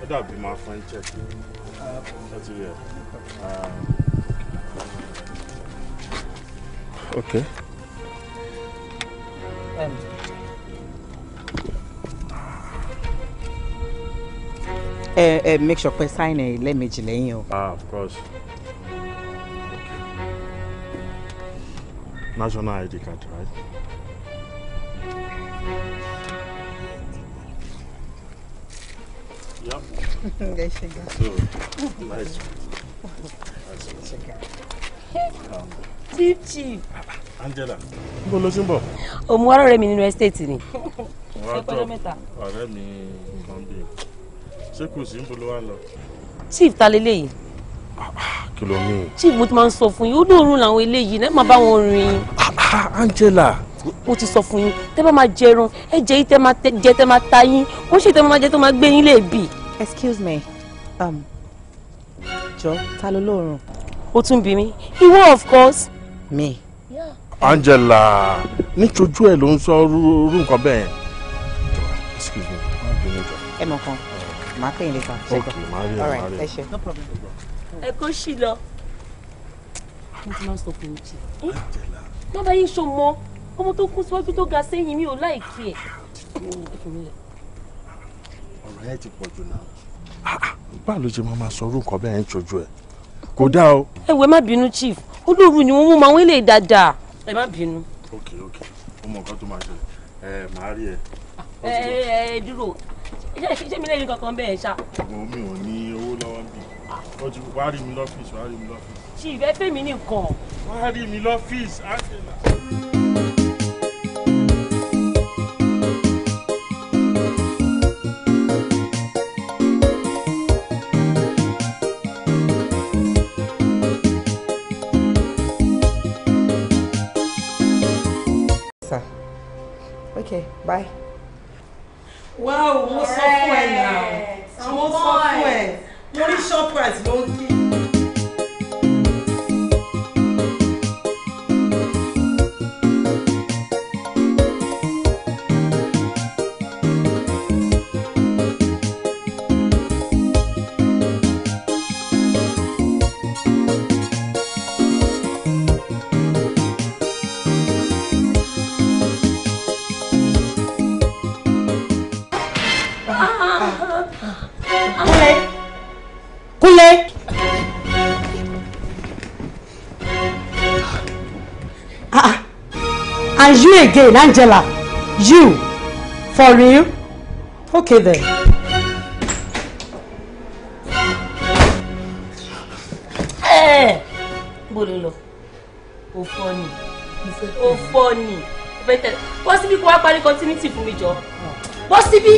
ó dàbí máa fún ẹ check ẹ ti rí ẹ. ok. Um. ẹ make sure you sign ẹ lẹ́ẹ̀mejì lẹ́yìn o. ah of course. national ID card, right? chief chief. Angela níbo ló ṣe ń o òun wá ọ̀rẹ́ mi nínú estate ni. ọ̀rẹ́ mi kan bí ṣé kò sí níbo ló wá lọ. chief ta leléyìí. kí ló ní. chief mo ti máa ń sọ fún yín ó lóorun làwọn eléyìí náà máa bá wọn rìn. Angela mo ti sọ fún yín tẹ́ bá máa jẹrun ẹ jẹ yín tẹ́ máa jẹ tẹ́ máa ta yín kó ṣe tẹ́ máa jẹ tó máa gbé yín léèbì excuse me um, jọ ta ló lóorùn. ó tún bí mi ìwọ of course. me. Yeah. Angela ni ẹ ló ń sọ irú nǹkan bẹ́ẹ̀. excuse me má bínú jọ. ẹ mọ kan màá pè é later. ok màá no problem. ẹ kó sí lọ. mo ti máa ń sọ fún mi. má bá yín ṣo mọ ọmọ tó kún síwájú tó ga sẹ́yìn mi ò láì kí ọ̀rọ̀ ẹ ti pọ̀ jù náà. Ah, ah, báwo ló ṣe máa máa sọrú nǹkan bẹ́ẹ̀ ń ṣojú ẹ̀ kò dáa o. ẹ wẹ má bínú chief olóòrùn ni wọn mú màwọn ilé dáadáa ẹ má bínú. ok ok ó mọ nǹkan tó máa ṣe ẹ màá rí ẹ. Ah, ẹ ẹ dúró ṣé mi lẹ́yìn kankan bẹ́ẹ̀ ṣá. mi ò ní owó lọ́wọ́ bí ó ti wá rí mi lọ́fíìsì wá rí mi lọ́fíìsì. chief ẹ fẹ́ mi nìkan. wá rí mi lọ́fíìsì á ṣe là. Okay. bye. wow mo sọ fún ẹ náà mo sọ fún ẹ mo ní shoprite ló ń kí. And you again, Angela. You. For real? Okay then. Bó eh! ló lọ? O fọ́ ni. O wá parí continuity fún mi jọ. Bọ́ síbí.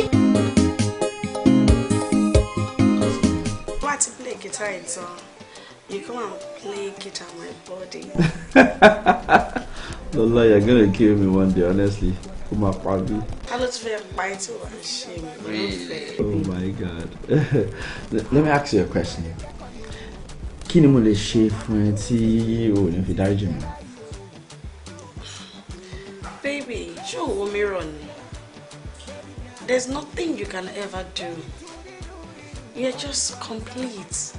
Wá ti play guitar ìtàn. You come and play guitar my body. Lọ́lá, you're gonna kill me one day, honestly. Ó máa baby. I look very tún fẹ́ pa Really? Oh my God. Let me ask you a question. Kí ni mo lè ṣe fún ẹ tí o ò fi dáríjì mi? Baby, ṣé òwò mi ni? There's nothing you can ever do. You're just complete.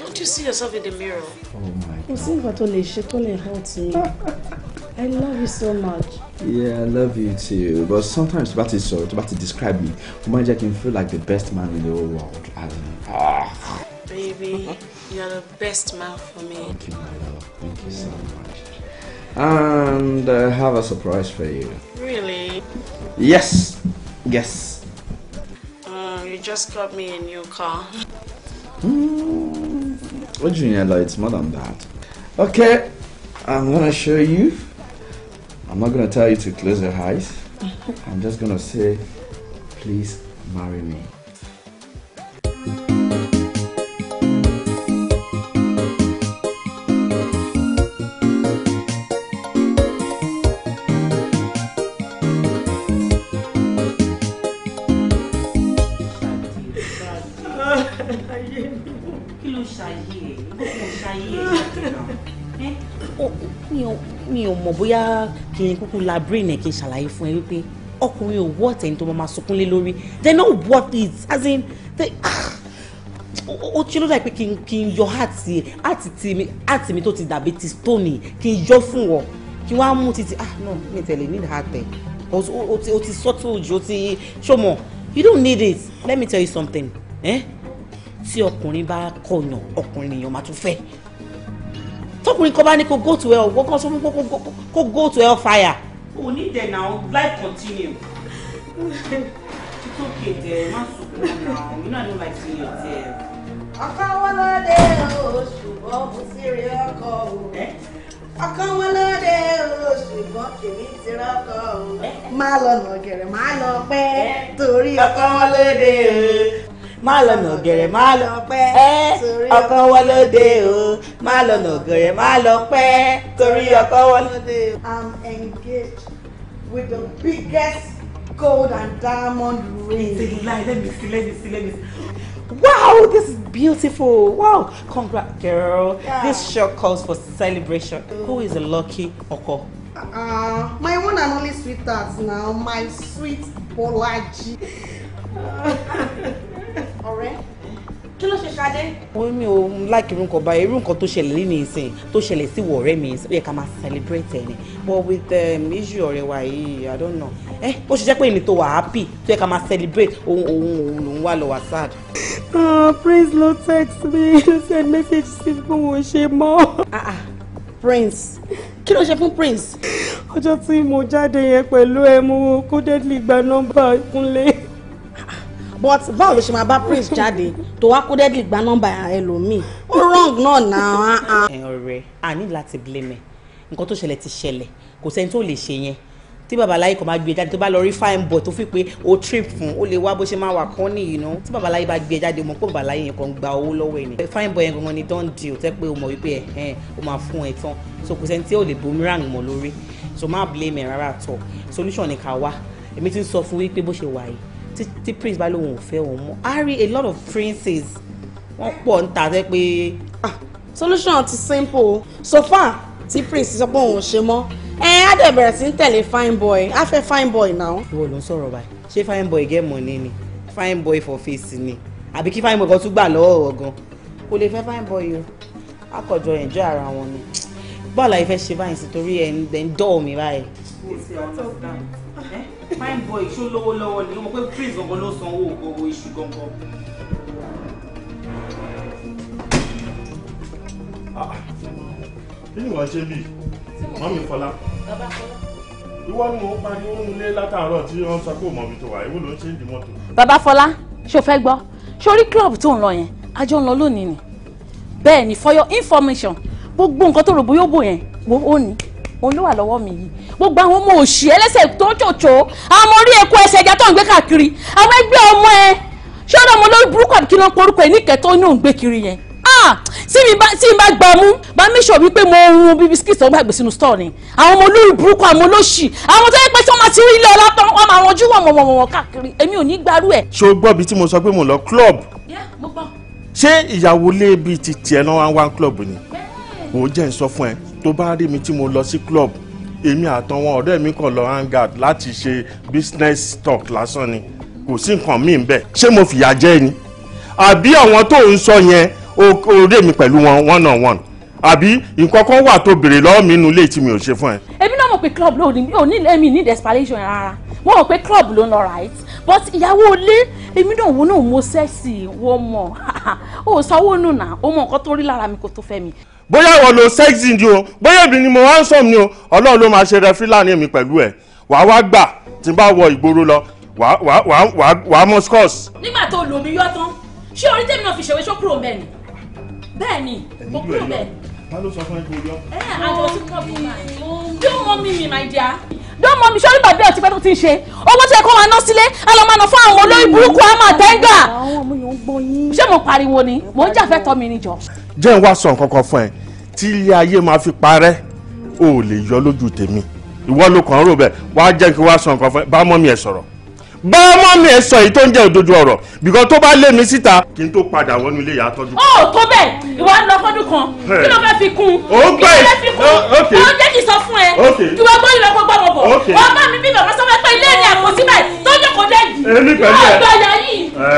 Don't you see yourself in the mirror? Oh my God. It's that only she only hurts me. I love you so much. Yeah, I love you too. But sometimes about it, so about to describe me, can feel like the best man in the whole world. I don't know. Ah. Baby, you're the best man for me. Thank you, my love. Thank you so much. And I uh, have a surprise for you. Really? Yes. Yes. Um, you just got me a new car. Mm. Oh, Junior it's more than that. Okay, I'm gonna show you. I'm not gonna tell you to close your eyes. I'm just gonna say, please marry me. mi ò mọ̀ bóyá kí n kúkú la brain ẹ̀ kí n ṣàlàyé fún ẹ wípé ọkùnrin ò wọ́ ọ̀tẹ̀ ní tó máa lórí they know what it as in they ah, ó tí ló dà pé kí n yọ àti àti ti mi àti mi tó ti dàbí ti stone kí n yọ fún wọn kí wọn á mú títí ah no mi tẹ̀lé need heart ẹ̀ o ti sọ́tò ju o ti ṣọmọ you don't need it let me tell you something eh? tí ọkùnrin bá kọ̀yàn ọkùnrin èèyàn máa tún fẹ́ tọkùnrin kan bá ní kó go to hell wọ́n kan sọ fún kó go to hell fire. o ní dẹ̀ na life continue it's okay dẹ̀ má sunkún na you know I no like seeing your tear. ọkọ wọn lóde o ṣùgbọ́n mo sì rí ọkọ o ọkọ wọn lóde o ṣùgbọ́n kìíní ti rọkọ o má lọ nà gẹ̀rẹ̀ má lọ pẹ́ torí ọkọ wọn lóde má lọ́nà gẹ̀rẹ̀ má lọ pẹ́ ọkàn wọlódé o má lọ́nà gẹ̀rẹ̀ má lọ pẹ́ torí ọkàn wọlódé o. I'm engaged with the biggest gold and diamond ring. Say lie, let me see, let me see, let me Wow, this is beautiful. Wow, congrats, girl. Yeah. This sure calls for celebration. Mm. Who is the lucky ọkọ? Uh, my one and only sweetheart now, my sweet Bolaji. Uh. ọ̀rẹ́ kí ló ṣe ṣadé. ó ní o láìkí irú nǹkan báyìí irú nǹkan tó ṣẹlẹ̀ ní ìsìn tó ṣẹlẹ̀ sí wọ̀ ọ̀rẹ́ mi ó yẹ ká máa celebrate ẹ̀ ni but with um, ọ̀rẹ́ wa yìí i don't know ẹ eh, ó ṣiṣẹ́ pé èmi wà happy tó yẹ ká máa celebrate òun òun òun lòun wà lọ wà sad. Ah, prince ló text me send message sí bí mo ṣe mọ́. Ah, ah prince kí ló ṣe fún prince. ọjọ́ tí mo jáde yẹn pẹ̀lú ẹ mo kó délé gba nọ́mbà kúnlé but báwo ló ṣe máa bá prince jáde tó wá kó deadly gba nọ́mbà ẹlòmíì ó wrong náà náà. Ah, ah. ọ̀rẹ́ a ní láti blame ẹ̀ nǹkan tó ṣẹlẹ̀ ti ṣẹlẹ̀ kò sẹ́ni tó lè ṣe yẹn tí babaláyé kan bá gbé e jáde tó bá lọ rí fine boy tó fi pé o trip fún o lè wá bó ṣe máa wà kán nìyí ná tí babaláyé bá gbé e jáde mọ̀ pé babaláyé yẹn kan gba owó lọ́wọ́ ẹ̀ ni fine boy yẹn gangan ni don deal tẹ́ pé o mọ̀ wípé ẹ̀ o máa fún ẹ tán so kò sẹ́ni tí o lè boomerang mọ̀ lórí so má blame ẹ̀ rárá tọ̀ solution ni ká wá èmi ti ń sọ fún wípé bó ṣe wà yìí tí prince bá lóun ò fẹ́ òun mọ́ a rí a lot of princes wọ́n pọ̀ ń ta tẹ́ pé. Ah, solution ti simple so far tí prince sọ pé òun ṣe mọ́ ẹ á dẹ̀ bẹ̀rẹ̀ sí tẹ̀lé fine boy á fẹ́ fine boy náà. ìwọ ló ń sọ̀rọ̀ báyìí ṣé fine boy get money ni fine boy for face ni àbí kí fine boy kan tún gbà lọ́wọ́ rọ̀ gan kò lè fẹ́ fine boy o akọ̀jọ enjoy ara wọn ni bọ́ọ̀lù àìfẹ́ ṣe báyìí sí torí ẹ̀ ń dọ́ọ̀ mi báyìí fine boy ṣó lówó lọ́wọ́ ni ó mọ̀ pé prince gangan ló sanwó ògbówó iṣu gangan. Ah, kí ni wọ́n ṣe bíi mọ́mí fọlá ìwọ ni mo parí oorun lé látàárọ̀ tí wọ́n sọ pé òmọ̀bí tó wà ìwọ ló ń ṣe ìdí mọ́tò. bàbá fọlá ṣó fẹ́ gbọ́ sórí club tó ń lọ yẹn àjọ ń lọ lónìí ni bẹ́ẹ̀ ni for your information gbogbo nǹkan tó rògbò yóò bò yẹn wo ó ní òun ló wà lọ́wọ́ mi yìí gbogbo àwọn ọmọ òṣì ẹlẹ́sẹ̀ tó ṣòṣò àwọn ọmọ orí ẹ̀kọ́ ẹsẹ̀ ẹja tó ń gbé káàkiri àwọn ẹgbẹ́ ọmọ ẹ ṣọ́dọ̀ ọmọ lórí burúkú àbí kí ló ń porúkọ ẹ̀ níkẹ́ tó ní òun gbé kiri yẹn ah, tí mi bá tí mi bá gbà mú bá mi sọ wípé mo run bíi bisikíìtì ọgbà gbèsè inú stọọ ni àwọn ọmọ olórí burúkú àwọn olóṣì àwọn tó yẹ pé tí wọn ti rí ilé ọlá tán wọn máa ranjú wọn mọ̀mọ̀mọ̀ káàkiri èmi ò ní gbárù ẹ̀. ṣé o gbọ́ bíi tí mo sọ pé mo lọ club ṣé ìyàwó lé bíi ti tiẹ̀ náà wá ń wá club ni wò jẹ́ ń sọ fún ẹ tó bá rí mi tí mo lọ sí club èmi àtàwọn ọ̀rẹ́ mi kàn lọ hang láti ṣe business talk lásán ni kò sí nǹkan míì ń bẹ̀ ṣé mo fìyà jẹ́ ni àbí àwọn tó ń sọ yẹn ọ̀rẹ́ mi pẹ̀lú wọn one on one àbí nǹkan kan wà tó béèrè lọ́wọ́ mi nínú ilé tí mi ò ṣe fún ẹ. èmi náà mọ̀ pé club ló ní ò ní èmi need explanation rárá wọ́n mọ̀ pé club ló ń lọ right but ìyàwó ilé èmi náà wọ́n náà mo sẹ́ẹ̀sì wọ́n mọ̀ ò sanwó nù náà ó mọ nǹkan tó rí lára mi kó tó fẹ́ mi bóyá ìwọ lo sexy ni o bóyá èmi ni mo handsome ni o ọlọ́run ló máa ṣe referee láàrin èmi pẹ̀lú ẹ̀ wàá wá gbà tí n bá wọ ìgboro lọ wàá wàá wàá wàá mọ scores. nígbà tó lò mí yọ tán ṣé orí tèmi náà fi ṣèwé ṣó kúrò bẹ́ẹ̀ ni bẹ́ẹ̀ ni mo kúrò bẹ́ẹ̀. ta ló sọ fún ẹ kó yọ. ẹ àjọ tí mo bí ma don't mommy me my dear. don't mommy ṣé orí bàbá ẹ̀ ti pẹ́ tó ti ń ṣe owó tí ẹ kọ́ máa ná sílé á lọ máa ná fún àwọn olórí burúkú àmọ́ àtẹ́ńgà ṣé mo pariwo ni mò ń jàfẹ́ tọ́ mi níjọ. jẹ́ ń wá sọ nǹkan fún ẹ tí ilé ayé máa fi parẹ́ o ò lè yọ lójú tèmi ìwọ ló kàn ń rò bẹ́ẹ̀ wá jẹ́ kí wá sọ nǹkan fún ẹ bá mọ́mí ẹ sọ̀rọ̀ bá mọ́mí ẹ sọ èyí tó ń jẹ́ òdodo ọ̀rọ̀ bìkan tó bá lé mi síta kí n tó padà wọnú ilé ìyá tọ́jú. ó tó bẹ́ẹ̀ ìwọ ń lọ fọ́dún kan kí ló fẹ́ fi kún un kí ló fẹ́ fi kún un kí ló jẹ́ kí n sọ fún ẹ kí wọ́n gbọ́ ìlọ́gbọ́ gbọ́ wọn bọ̀ wọ́n bá mi bí bàbá sọ fẹ́ pé ilé ìrìn àpò síbẹ̀ tó jẹ́ kó dẹ́ yìí. èmi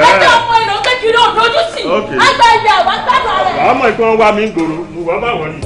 pẹ̀lú kiri òdojú sí. àgbà ilé àwọn gbàgbà rẹ̀. àmọ́ ìpọ́n wa mi ń gòrò mo wá bá wọ̀ ni.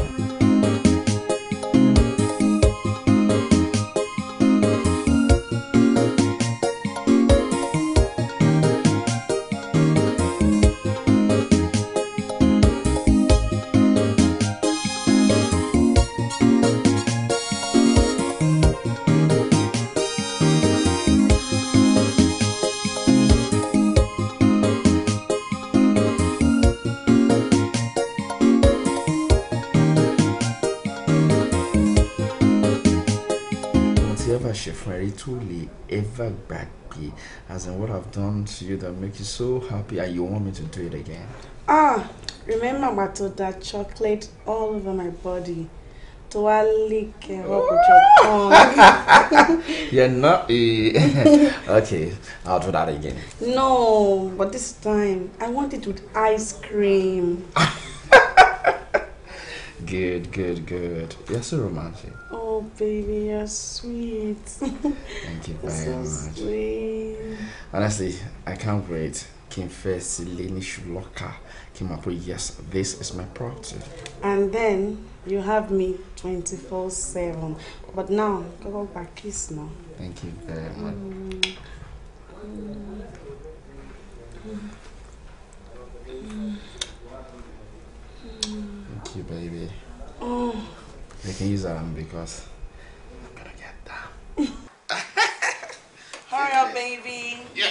truly ever gbàgbé as in what I've done to you that make you so happy and you want me to do it again. Ah, remember Mato that chocolate all over my body. To a lick and rub with You're not. okay, I'll do that again. No, but this time I want it with ice cream. Good, good, good. You're so romantic. Oh, baby, you're sweet. Thank you very so much. Sweet. Honestly, I can't wait. Kim first, Leni Shuloka. came up with, yes, this is my property. And then you have me 24 7. But now, go back, kiss now. Thank you very much. Mm. Mm. Mm you, baby. Mm. Oh. We can use that because I'm gonna get that. Hurry up, baby. Yeah.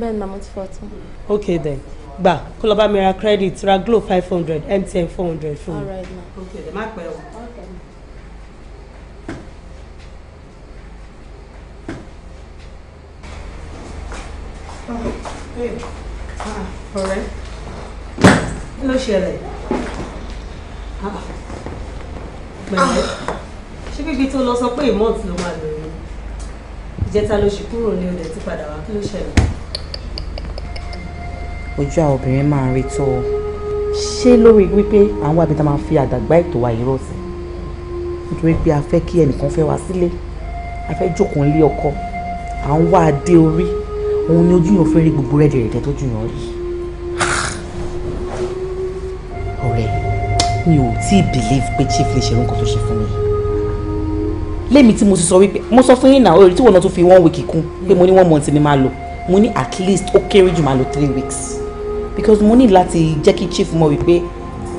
bẹ́ẹ̀ ni màmú ti fọ́ tán. ok then gbà kó lọ bá mi ra credit ra glo five hundred mtn four hundred fún mi. ok ẹ má pẹ́ o. ọ̀rẹ́ kí ló ṣẹlẹ̀ ah, pẹ̀lẹ́ ṣé bíbi tó lọ sọ pé ìmọ̀ọ́tì ló máa lò ní ìjẹta ló ṣì kúrò ní ọdẹ tí padà wá kí ló ṣẹlẹ̀ ojú àwọn obìnrin máa ń rí tó o ṣé lórí wípé àwọn àbí tá máa fi àdàgbà ètò wa yìí rọ̀tì nítorí pé a fẹ́ kí ẹnìkan fẹ́ wá sílé a fẹ́ jókòó nílé ọkọ à ń wá adé orí òun ni ojú yàn fẹ́ rí gbogbo rẹ̀ dẹ̀rẹ̀dẹ̀ tó jù rí ọ̀rẹ́ mi ò tí ì believe pé chief lè ṣe nǹkan tó ṣe fún mi lémi tí mo ti sọ wípé mo sọ fún yín náà orí tí wọn náà tún fi one week kún pé mo ní one month ni máa lò mo ní at least ó kéré jù máa lò three weeks because mo ní láti jẹ́ kí chief mọ̀ wípé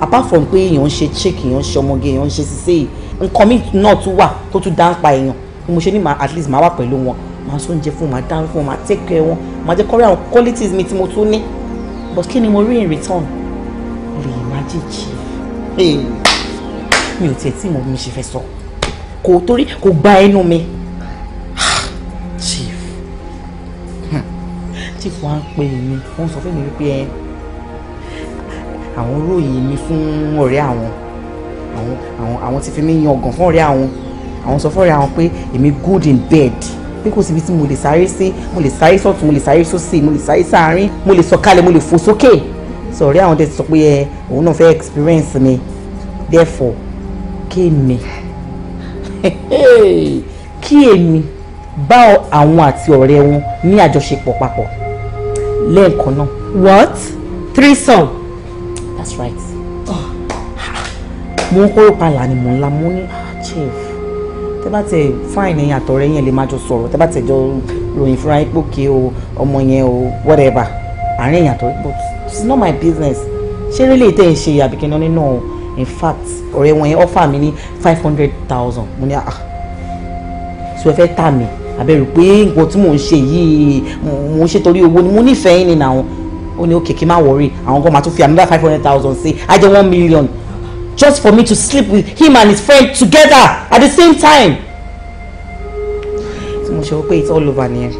apart from pé èèyàn ń ṣe check èèyàn ń ṣe ọmọge èèyàn ń ṣe ṣiṣẹ́ yìí nǹkan míì náà tún wà tó tún dá ń pa èèyàn ni mo ṣe ní ma at least ma wà pẹ̀lú wọn ma sún oúnjẹ fún wọn ma dáná fún wọn ma take care wọn ma jẹ́ kọ́rí àwọn qualities mi tí mo tún ní but kí ni mo rí in return lè má jìjì mi ò tiẹ̀ tí mo mi ṣe fẹ́ sọ kò torí kò gba ẹnu mi chief chief wa ń pè mí wọ́n sọ fún mi wípé ẹ àwọn ròyìn mi fún ọ̀rẹ́ àwọn àwọn àwọn àwọn ti fi mí yan ọ̀gàn fún ọ̀rẹ́ àwọn àwọn sọ fún ọ̀rẹ́ àwọn pé èmi good in bed pé kò síbi tí mo lè sáré sí mo lè sáré sọ̀tún mo lè sáré sósì mo lè sáré sáárín mo lè sọ̀kalẹ̀ mo lè fò sókè sọ ọ̀rẹ́ àwọn tẹ̀ sọ pé ẹ òun náà fẹ́ experience mi therefore kí èmi kí èmi bá àwọn àti ọ̀rẹ́ wọn ní àjọṣepọ̀ papọ̀ lẹ́ẹ̀kan náà. what threesome that's right. Ah. mo ń kóró palà ni mò ń mo ní ah, chief tẹ bá tẹ fine ẹyin àtọ̀rẹ́ yẹn lè má jọ sọ̀rọ̀ tẹ bá tẹ jọ ròyìn fúnra yín pòkè o ọmọ yẹn o whatever àárín ẹyin àtọ̀rẹ́ but it's not my business ṣé rí lè tẹ ẹ ṣe àbíkínná nínú o in fact ọ̀rẹ́ wọn yẹn offer mi ní five hundred thousand mo ní ah, ah. so ẹ fẹ́ tà mí àbẹ̀rù pé nǹkan tí mò ń ṣe yìí mò ń ṣe torí owó ni mo nífẹ̀ẹ́ yín ni nàá ó ní okay kí n má worry àwọn kan máa tún fi another five hundred thousand I ajẹ́ one million just for me to sleep with him and his friend together at the same time. tí mo ṣe wọ́n pé it's all over nìyẹn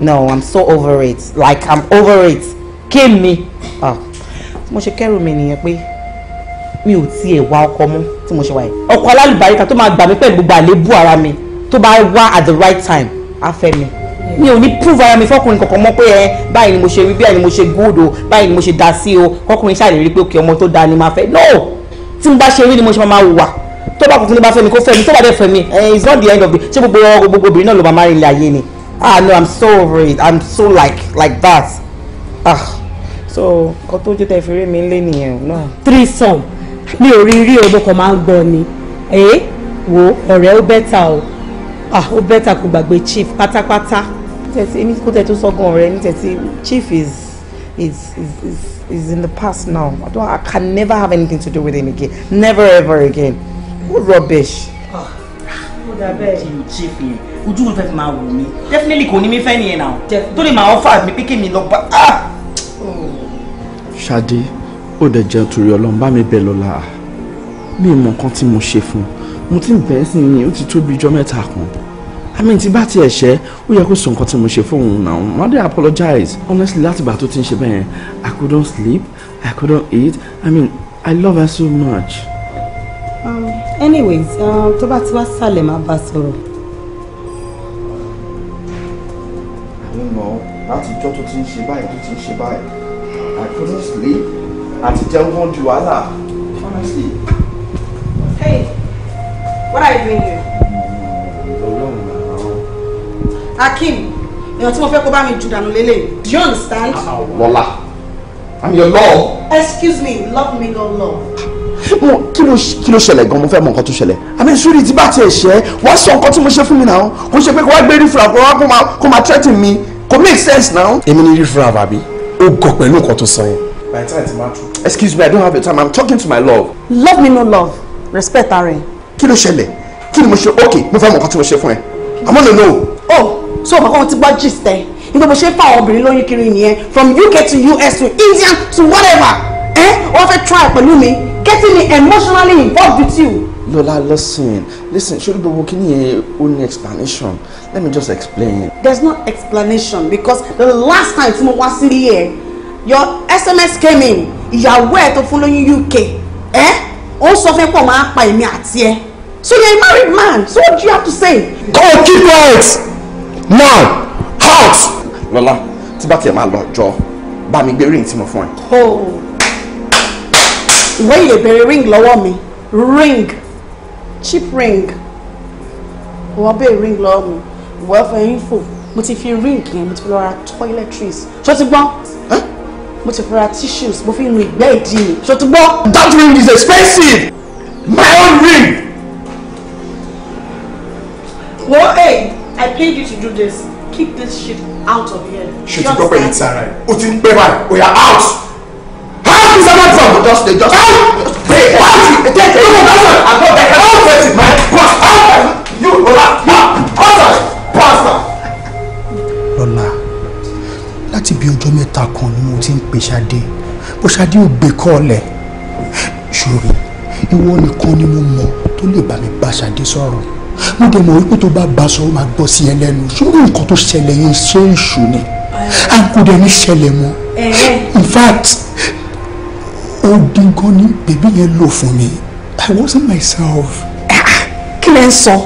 no i'm so over it like i'm over it kí mi ah. tí mo ṣe kẹ́rù mi nìyẹn pé mi ò tiẹ̀ wá ọkọ mú tí mo ṣe wá yìí ọkọ alálùbáríkà tó máa gbà mí pẹ̀lú gbogbo àlébù ara mi tó bá wá at the right time á fẹ́ mi mi ò ní prove ara mi fọkùnrin kankan mọ pé ẹ báyìí ni mo ṣe rí báyìí ni mo ṣe good o báyìí ni mo ṣe dá sí o kọkùnrin ṣàlè rí pé òkè ọmọ tó dáa ni máa fẹ́ no tí mo bá ṣe rí ni mo ṣe máa wà tó bá kọkùnrin bá fẹ́ mi kó fẹ́ mi tó bá dẹ̀ fẹ́ mi eh, it's not the end of the ṣé gbogbo gbogbo obìnrin náà ló máa máa rin ilé ayé ni ah no i'm so worried i'm so like like that ah so nǹkan tó jẹ́ tẹ́ fi rí mi lé nìyẹn náà. three sum mi ò rí rí o mo kàn máa ń gbọ́ ni ẹ̀ eh, wo ọ̀rẹ́ ó bẹ́ta o ah ó bẹ́tà kó gbàgbé chief pátápátá tẹ̀sí kó tẹ̀ tó sọ́gun ọ̀rẹ́ ní tẹ̀sí chief is is is is in the past now I don't I can never have anything to do with him again never ever again Who rubbish. Ah, chief yẹn ojú mi fẹ́ fi máa wù mí definitely kò ní mi fẹ́ nìyẹn náà tó lè máa offer mi pé kí mi lọ bá. Ah! Ṣadé ó dẹ̀ jẹ́ torí Ọlọ́run bá mi bẹ̀ lọ́la mi ì mọ nǹkan tí mo ṣe fún un mo ti ń bẹ̀ẹ́ sí yín ó ti tó bí mẹ́ta kan. I mean tí bá ti ẹ̀ ṣẹ́ ó yẹ kó sọ nǹkan tí mo ṣe fún òun náà má dé apologize honestly láti ìgbà tó ti ń ṣe bẹ́ẹ̀ I couldn't sleep I couldn't eat I mean I love her so much. Um, anyways um, tó bá ti wá sálẹ̀ máa bá sọ̀rọ̀. mímọ tó ti ń ṣe báyìí tó ti ń ṣe báyìí I couldn't sleep àti jẹun wọn di wàhálà honestly. Hey, what are you doing here? Akim you tí mo fẹ́ kó bá mi jù dànù lélẹ̀ do you understand. Lola, i'm your love. excuse me love me no love. mo kí ló kí ló ṣẹlẹ̀ gan mo fẹ́ mọ nǹkan tó ṣẹlẹ̀ àmì sùúrù tí bá tiẹ̀ ṣẹ́ wá sọ nǹkan tí mo ṣe fún mi náà kò ṣe pé kó wá gbé rí fúra kó máa kó máa threaten mi kò make sense now. èmi ni rí fúra àbàbí ó gọ pẹ̀lú nǹkan tó sọ yẹn. by the time ti máa tún. excuse me i don't have the time i'm talking to my love. love me no love respect ara ẹ. kí ló mo kí Okay, mo ṣe mo fẹ́ mọ mo ṣe fún ẹ i to know. oh so ọ̀pọ̀ kan ti gbọ́ gist ẹ̀ nígbà bó ṣe fà àwọn obìnrin kiri nìyẹn from UK to US to India to whatever ẹ wọ́n fẹ́ try pẹ̀lú mi getting me emotionally involved with you. Lola listen listen ṣé gbogbo kíni yẹn ó ní explanation let me just explain. there's no explanation because the last time tí mo wá here. your SMS came in ìyàwó ẹ tó fún lóyún UK ẹ ó sọ fẹ́ pọ̀ máa pa èmi àti ẹ so you're a married man so what do you have to say. go keep quiet now out. lọ́lá tí bá tiẹ̀ máa lọ jọ bá mi gbé ring tí mo fún ẹ. ìwọ yìí lè bèrè ring lọ́wọ́ mi ring cheap ring wọ́n bèrè ring lọ́wọ́ mi ìwọ ẹ̀fọ́ ẹ̀yìn fò mo ti fi ring yẹn mo ti fi lọ ra toiletries ṣó ti gbọ́n mo ti fi ra tissues mo fi nu ìgbẹ́ ìdí mi ṣó ti gbọ́n. that ring is expensive my own ring. wọ́n ẹ̀. I paid you to do this. Keep this shit out of here. Ṣé ti gbọ́ pẹ̀lú tara ẹ̀? we are out. How is that from? Just dey just. How? Dey out! Dey dey no go down. I go back. I don wait my boss. How? You Lola ma pastor pastor. Lọ́la, láti bí ọjọ́ mẹ́ta kan ni mo ti ń pè Ṣadé, bó Ṣadé ò gbé kọ́ọ̀lẹ̀. Ṣòro, ìwọ nìkan ni mo mọ̀ tó lè bá mi bá Ṣadé sọ̀rọ̀ mo dẹ̀ mọ̀ wípé tó bá bá sọ ó máa gbọ́ sí ẹ lẹ́nu sórí nǹkan tó ṣẹlẹ̀ yẹn ṣé èṣù ni à ń kó dẹ̀ ní ṣẹlẹ̀ mọ́ in fact odin gan ni bèbí yẹn lò fún mi i wasn't myself. Ah, kí lẹ ń sọ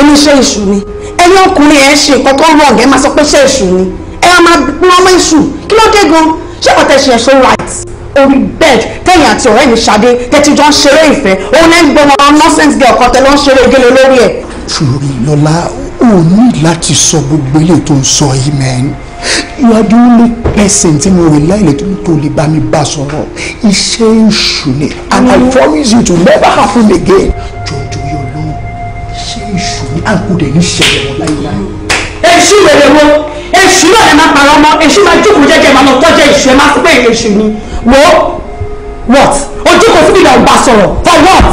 ẹni ṣe èṣù ni ẹni ọkùnrin ẹ ṣe nǹkan tó rọ ọ̀gẹ́ máa sọ pé ṣe èṣù ni ẹ máa bí wọn mọ èṣù kí ló dé gan-an ṣé kò tẹ́ ẹ̀ so right orí bed tẹ̀yìn àti ọ̀rẹ́ mi ṣadé tẹ̀tí jọ ń ṣeré ìfẹ́ òun náà ń gbé wọn nonsense girl kan tẹ̀ ló ń ṣeré gẹ́lẹ́ lórí ẹ̀. ṣùgbọ́n lọ́la ò ní láti sọ gbogbo eléyìí tó ń sọ yìí mẹ́rin you are the only person tí mo rè láìlè tó lè bá mi bá sọ̀rọ̀ iṣẹ́ èṣù ni and I promise you to never happen again. jọjọ yọ lọ ṣé èṣù ni àkùdẹ ní ṣẹlẹ̀ wọn láyé láyé. èṣù rẹ̀ lè wọ́n èṣù náà lè má parọ́ mọ́ èṣù máa jókòó jẹ́jẹ́ máa lọ tọ́jú èṣù ẹ̀ máa sọ pé èṣù ni wo what ojú kò síbi ìdá ọba sọ̀rọ̀ for what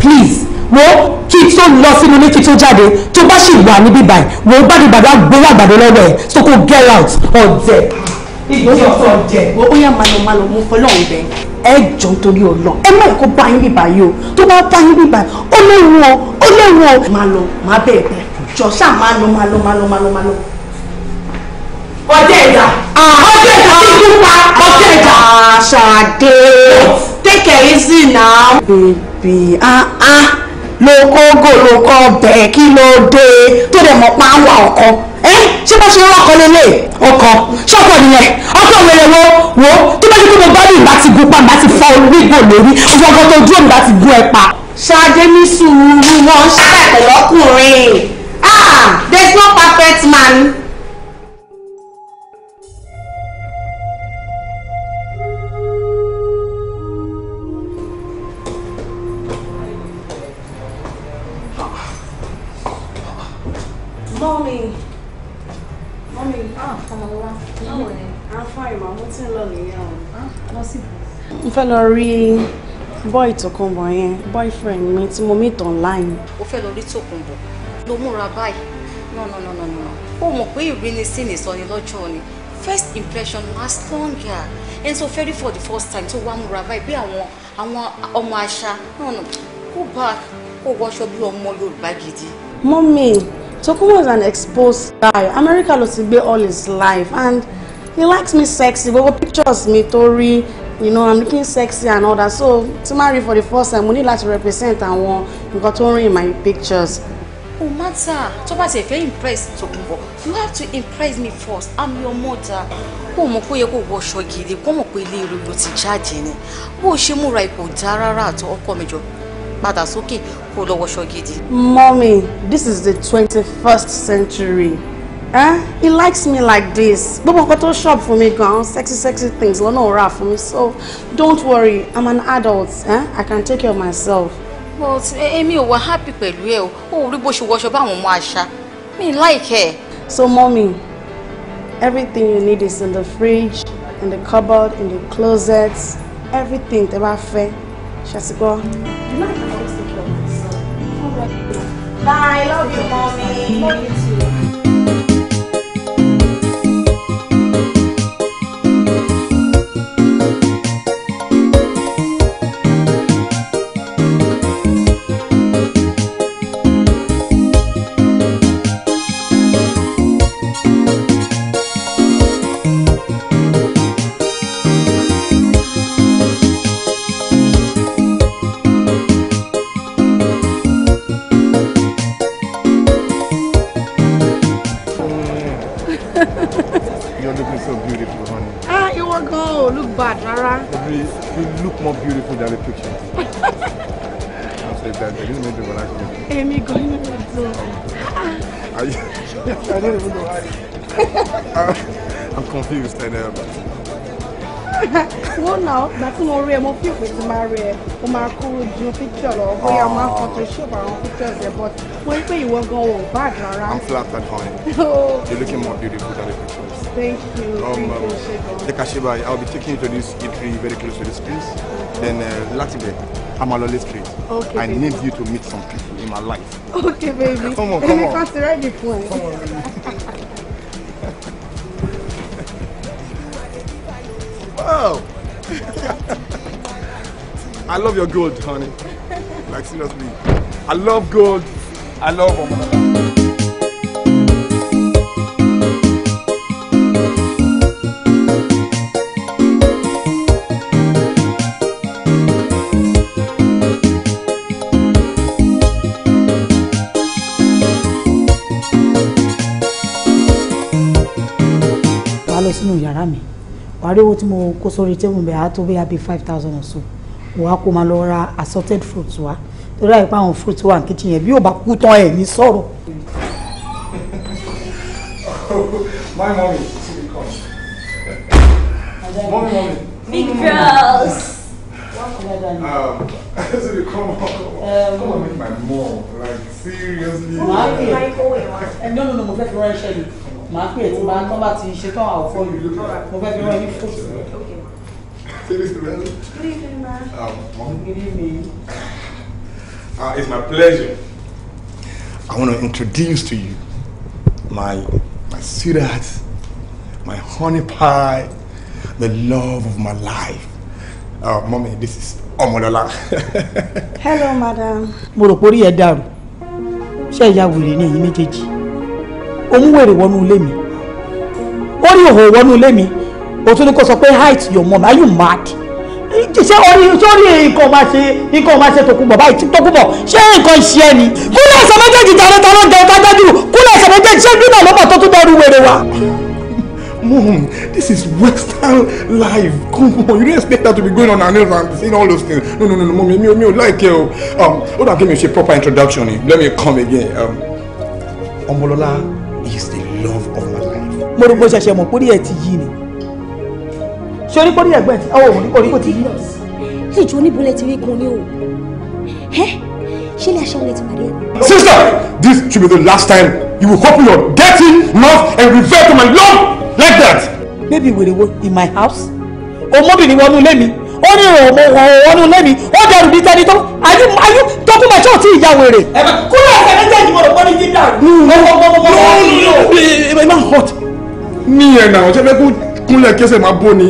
please wo kí tó lọ sínú ní kí tó jáde tó bá sì wà níbí báyìí wo gbàdúgbàdú agbowó àgbàdo lọ́wọ́ ẹ̀ so kò get out ọ̀dẹ̀. ìgbésẹ̀ ọ̀sọ̀ ọ̀dẹ̀. ó yá máa lọ máa lọ mú fọlọ́run bẹ́ẹ̀ ẹ jọ nítorí ọlọ ẹ má kó bá yín bíbá yìí o tó bá bá yín bíbá ó léwu ọ ó léwu ọ. máa lọ máa bẹ̀ẹ̀ bẹ̀ẹ̀ jọ sáà máa lọ máa lọ máa lọ máa lọ máa lọ ọjọ́ ẹ̀dá ah. ọjọ́ ẹ̀dá ti kú pa ọjọ́ ẹ̀dá. Ṣàdé take it easy now. bèbè ah ah lo kóńgò lo kọ́ bẹ́ẹ̀ kí ló dé tó dẹ̀ mọ̀ pa àwọn ọkọ ẹ ṣé bá ṣe ọkọ lélẹ̀ ọkọ ṣọkọ nìyẹn ọkọ wẹrẹ wo wo tó bá ṣe pé mo gbádùn ìgbà ti gun pa ìgbà ti fọ orígbò lórí ọgbọgbọ tó dúró ìgbà ti gun ẹ pa. ṣáde ní sùúrù wọn ṣàlàyé pẹ̀lú ọkùnrin ah there is no perfect man lọ rí bọ́ì tòkunbọ̀ yẹn boyfriend mi tí mo meet online. o fẹ́ lọ rí tòkunbọ̀ ló múra báyìí no no no no no ó mọ̀ pé ìrínisí ni sọ ni lọ́jọ́ ni first impression last longer and so very for the first time tó wá múra báyìí bí àwọn àwọn ọmọ àṣà no no go back kó wọṣọ bí ọmọ Yorùbá gidi. mọ́mí Tokunbo is an exposed guy America ló ti gbé all his life and he likes me sexy gbogbo pictures mi tó rí you know i'm looking sexy and all that so to marry for the first time we need ní to represent and want. You got rìn in my pictures. kò mátà tó bá ṣe fẹ́ impress Tòkunbọ̀ you have to impress me first i'm your mother. kó mọ̀ pé ó yẹ kó wọṣọ gidi kó mọ̀ pé ilé irú ló ti jáde ni bó o ṣe múra ipò dá rárá àtọ ọkọ mi jọ padà mommy this is the 21st century eh? he likes me like this gbogbo nǹkan tó shop for me, gan sexy sexy things lọ́nà ò rà for me. so don't worry i'm an adult eh? i can take care of myself. but e, èmi ò wá happy pẹ̀lú ẹ o ò rí bó ṣe wọṣọ báwọn ọmọ àṣà mi like her. so mommy everything you need is in the fridge in the cupboard in the closet everything tẹ́ bá fẹ́ ṣàtìgbọ́. bye love you mommy love you too. Are you? I don't even know why. I'm confused and um. Wọ́n now, gba tí mo rí ẹ mo fíìpù tí máa rí ẹ mo picture, or we are lọ bóyá máa ń ah. photoshop àwọn pictures there. but when you pé ìwọ gan ò bá àdùn ara. I'm flattered honey. You're looking more beautiful than the pictures. Thank you. Um, Thank um, you. Ṣé I'll be taking you to this eatery very close to this place. Then uh, láti Amalole Street. Okay. I baby. need you to meet some people in my life. Okay, baby. Come on, come on. Come on. Come on. wow. I love your gold, honey. Like seriously, I love gold. I love. Them. àríwó tí mo kó sórí tébùn bẹ́ẹ̀ á tó bẹ́ẹ̀ á bí five thousand or so wàá kó máa lọ ra assorted fruits wa torí àyíká àwọn fruits wà ní kitchen yẹn bí yóò bá kú tán ẹ̀ ní sọ̀rọ̀. my mommy she dey come mommy mommy big girls. um, so they come on, come on, um, come on, make my mom like seriously. Oh, like, oh, no, no, no, mo fẹ́ fi ránṣẹ́ ni màá pè tí màá tán bá ti ṣe tán àwọn fọ yìí mo fẹ́ fi rán yín fò. ma'am. Um, mom. Good evening. Uh, it's my pleasure. I want to introduce to you my my sweetheart, my honey pie, the love of my life. Uh, mommy, this is Omolola. Hello, madam. Mo rò pé orí ẹ ni èyí òmúwèrè wọnú ilé mi ó rí òhò wọnú ilé mi ó tún ní sọ pé height your mom are you mad ṣé orí sórí nǹkan máa ṣe nǹkan máa ṣe tòkùnbọ̀ báyìí tí tòkùnbọ̀ ṣé nǹkan ṣe ẹ ni. kúlẹ̀ ẹ̀sẹ̀ méjèèjì jàre ta ló ń jù kúlẹ̀ ẹ̀sẹ̀ méjèèjì ṣé gbígbà lọ́bọ̀ tó tún dẹrù wèrè wa. Mom, this is Western life. Come on, you don't expect that to be going on and around saying all those things. No, no, no, no, mommy, me, me, like you. Um, hold give me a proper introduction. Let me come again. Um, is the love of my life. mo rò pé ṣẹ̀ṣẹ̀ mọ̀ pórí ẹ̀ ti yí ni ṣé orí pórí ẹ̀gbẹ́ ti ọ̀ òun orí kò ti yí. ìjọ oníbulẹ̀ ti rí gun ni o ṣé ilé aṣọ ti pàdé sister this should be the last time you will open your dirty mouth and revert to my love like that. baby wèrè wo in my house ọmọbìnrin wọnú ilé mi ó ní ìrànwọ́ wọnú lẹ́mi ó dẹrù bíi tẹni tó ayú ayú tó kú màá tí ò tí ì ya wèrè. kúrò ẹ̀ka méjèèjì mo rò pé ní ti dàrú. ẹ máa hot. ní ẹ̀ náà ṣe fẹ́ kó kúnlẹ̀ kẹsẹ̀ máa bó ni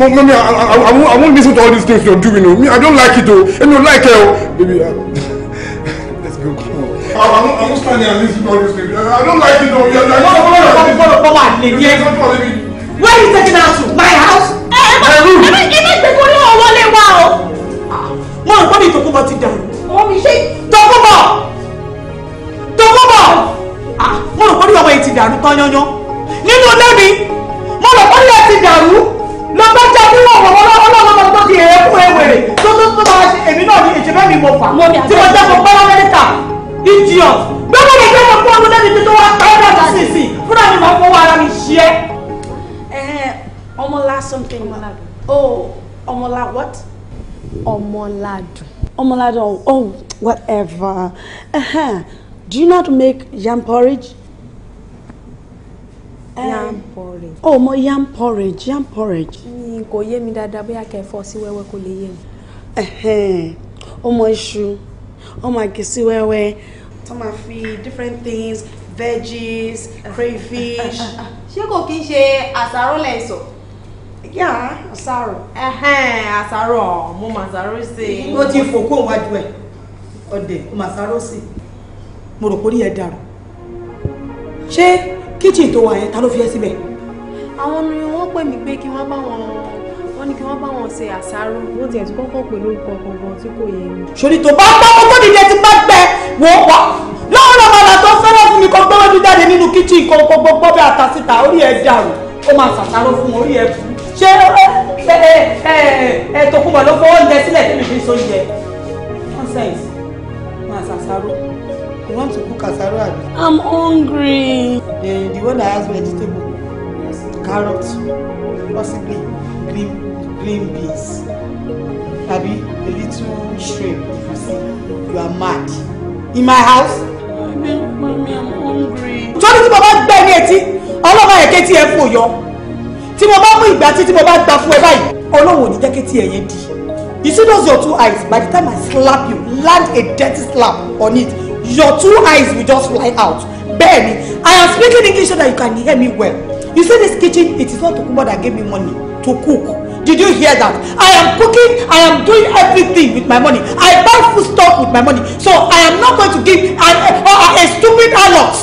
mọ́mí I won't listen to all these things you're doing o me I don't like it o èmi ò like it? o. baby let's go. I won't I won't stand here and listen to all these things I don't like it o. bọ́lọ̀ bọ́lọ̀ bọ́lọ̀ bọ́lọ̀ àlè ni ẹ. where you taking us to my house dàrú. iná ìgbẹ́kọ̀ ni wọ́n wọlé wa o. mo rò pọ́n mi tòkúbọ̀ ti dàrú. ọmọ mi ṣe. tòkúbọ̀ tòkúbọ̀ mo rò pọ́n mi ọmọ yìí ti dàrú tán yányán. nínú ilé mi mo rò pọ́n mi ẹ ti dàrú. lọ bá jẹ́ kí wọ́n wọ̀ wọ́n lọ́wọ́ tó di èékún ewèrè tó tó tó máa ṣe èmi náà ní ìṣẹ́fẹ́ mi mo fà. tí mo jẹ́ kó pẹ́rẹ́ mẹ́ta idiot. gbọ́dọ̀ mi kẹ́kọ̀ọ́ fún ọdún lẹ́ni tó wá pẹ́rẹ́ mẹ́ta sí ìsìn fúnra mi máa fọwọ́ ara mi ṣiẹ́. Ọmọlá something. Ọmọládùn. Oh, Ọmọlá what? Ọmọládùn. Ọmọládùn. Oh, oh, whatever. Uh-huh. Do you not make yam porridge? Eh. Yam um, porridge. Oh, mo yam porridge, yam porridge. Mi kò yé mi dáadáa bóyá kẹ́ fọ́ sí wẹ́wẹ́ kó lè yé mi. Ẹ̀hẹ́n, uh-huh. ọmọ iṣu, ọmọ àgè sí wẹ́wẹ́, tó máa fi different things, veggies, crayfish. Ṣé kò kí ń ṣe àsáró lẹ́sọ̀ọ́? yà àṣàrò. àṣàrò mo mà ṣàrò sí. ó ti fò kó wájú ẹ ọdẹ mà ṣàrò sí mo rò pé orí ẹ dàrú ṣé kíchìn tó wà yẹn ta ló fi ẹ síbẹ̀. àwọn ni wọ́n pè mí pé kí wọ́n bá wọn wọ́n ní kí wọ́n bá wọn ṣe àṣàrò ó tiẹ̀ tún kọ́kọ́ pè lórúkọ kankan tí kò yẹ mi. sori tó bá gbọ́ kó tó dìde ti bá gbẹ wò ó wá lọ́wọ́ lọ́wọ́ la tó fẹ́rẹ́ fún mi kó gbọ́wọ́ ju jáde nínú kíchìn kó gbogbo gbọ́ bẹ́ẹ̀ àtàsíta orí ẹ dàrú ó máa ṣàṣàrò fún orí ẹ bù ṣé ẹ ẹ ẹ ẹ tòkunbọ̀ ló fọwọ́ oúnjẹ sílẹ̀ tí mi fi so oúnjẹ nonsense máa ṣàṣàrò you want to cook àṣàrò àbí. i'm hungry. the the one that has vegetable carrot possibly green green beans àbí a little shrimp If you see you are mad in my house. mami mami i'm hungry. sọ́dún tí bàbá gbẹ́ ní etí ọlọ́mọ ẹ̀kẹ́ tí ẹ fò yọ tí mo bá mú ìgbà tí tí mo bá gbà fún ẹ báyìí ọlọ́run ò ní jẹ́ kí tí ẹ̀yẹ di you see those your two eyes by the time I slap you land a dirty slap on it your two eyes will just fly out bẹ́ẹ̀ ni I am speaking English so that you can hear me well you see this kitchen it is not Tokunbo that gave me money to cook Did you hear that? I am cooking, I am doing everything with my money. I buy food stuff with my money. So I am not going to give an, a, uh, uh, a, stupid allot.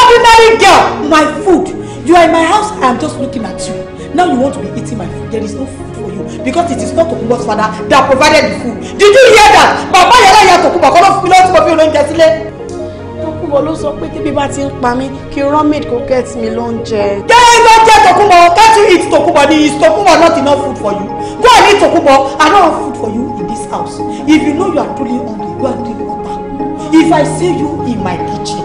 Ordinary girl, my food You are in my house, I am just looking at you. Now you want to be eating my food. There is no food for you because it is not Tokunbo's father that provided the food. Did you hear that? Bàbá yàrá ìyá Tokunbo kọ́ ló fi lọ́ọ́ tí mo fi olóúnjẹ sílé. Tokunbo ló sọ pé tíbi bá ti ń pa mí kí roommate kò get mi lóúnjẹ. Jẹ́rẹ́ ló jẹ́ can't you eat tokuba? ni is tokuba, not enough food for you? Go and eat tokuba. I don't have food for you in this house. If you know you are truly hungry, go and drink water. If I see you in my kitchen,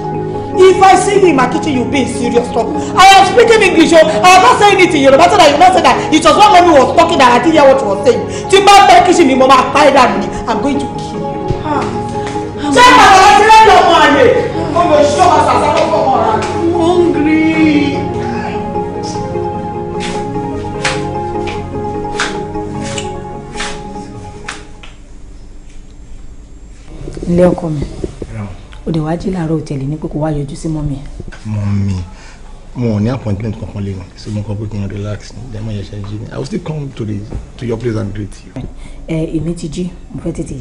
If I see me in my kitchen, you'll be in serious trouble. I am speaking English, oh, I am not saying anything. in Yoruba that you not say that. It was one mommy was talking that I didn't hear what you were saying. Timba fẹ́ kitchen ni mama máa pa me. I'm going to kill you. Ṣé bàbá wa ti rẹ́ẹ̀dì ọmọ àlè? I'm hungry. Ilé ọkọ mi ó dẹ̀ wá jí láàárọ̀ òtẹ̀lẹ̀ ní pé kó wá sí mọ́mì. mọ́mì mo ní appointment kankan lẹ́nu so mo kàn pé kí n relax ní dẹ́mọ̀ yẹn ṣe jí ni i will still come to the to your place and greet you. ẹ èmi ti jí mo fẹ́ tètè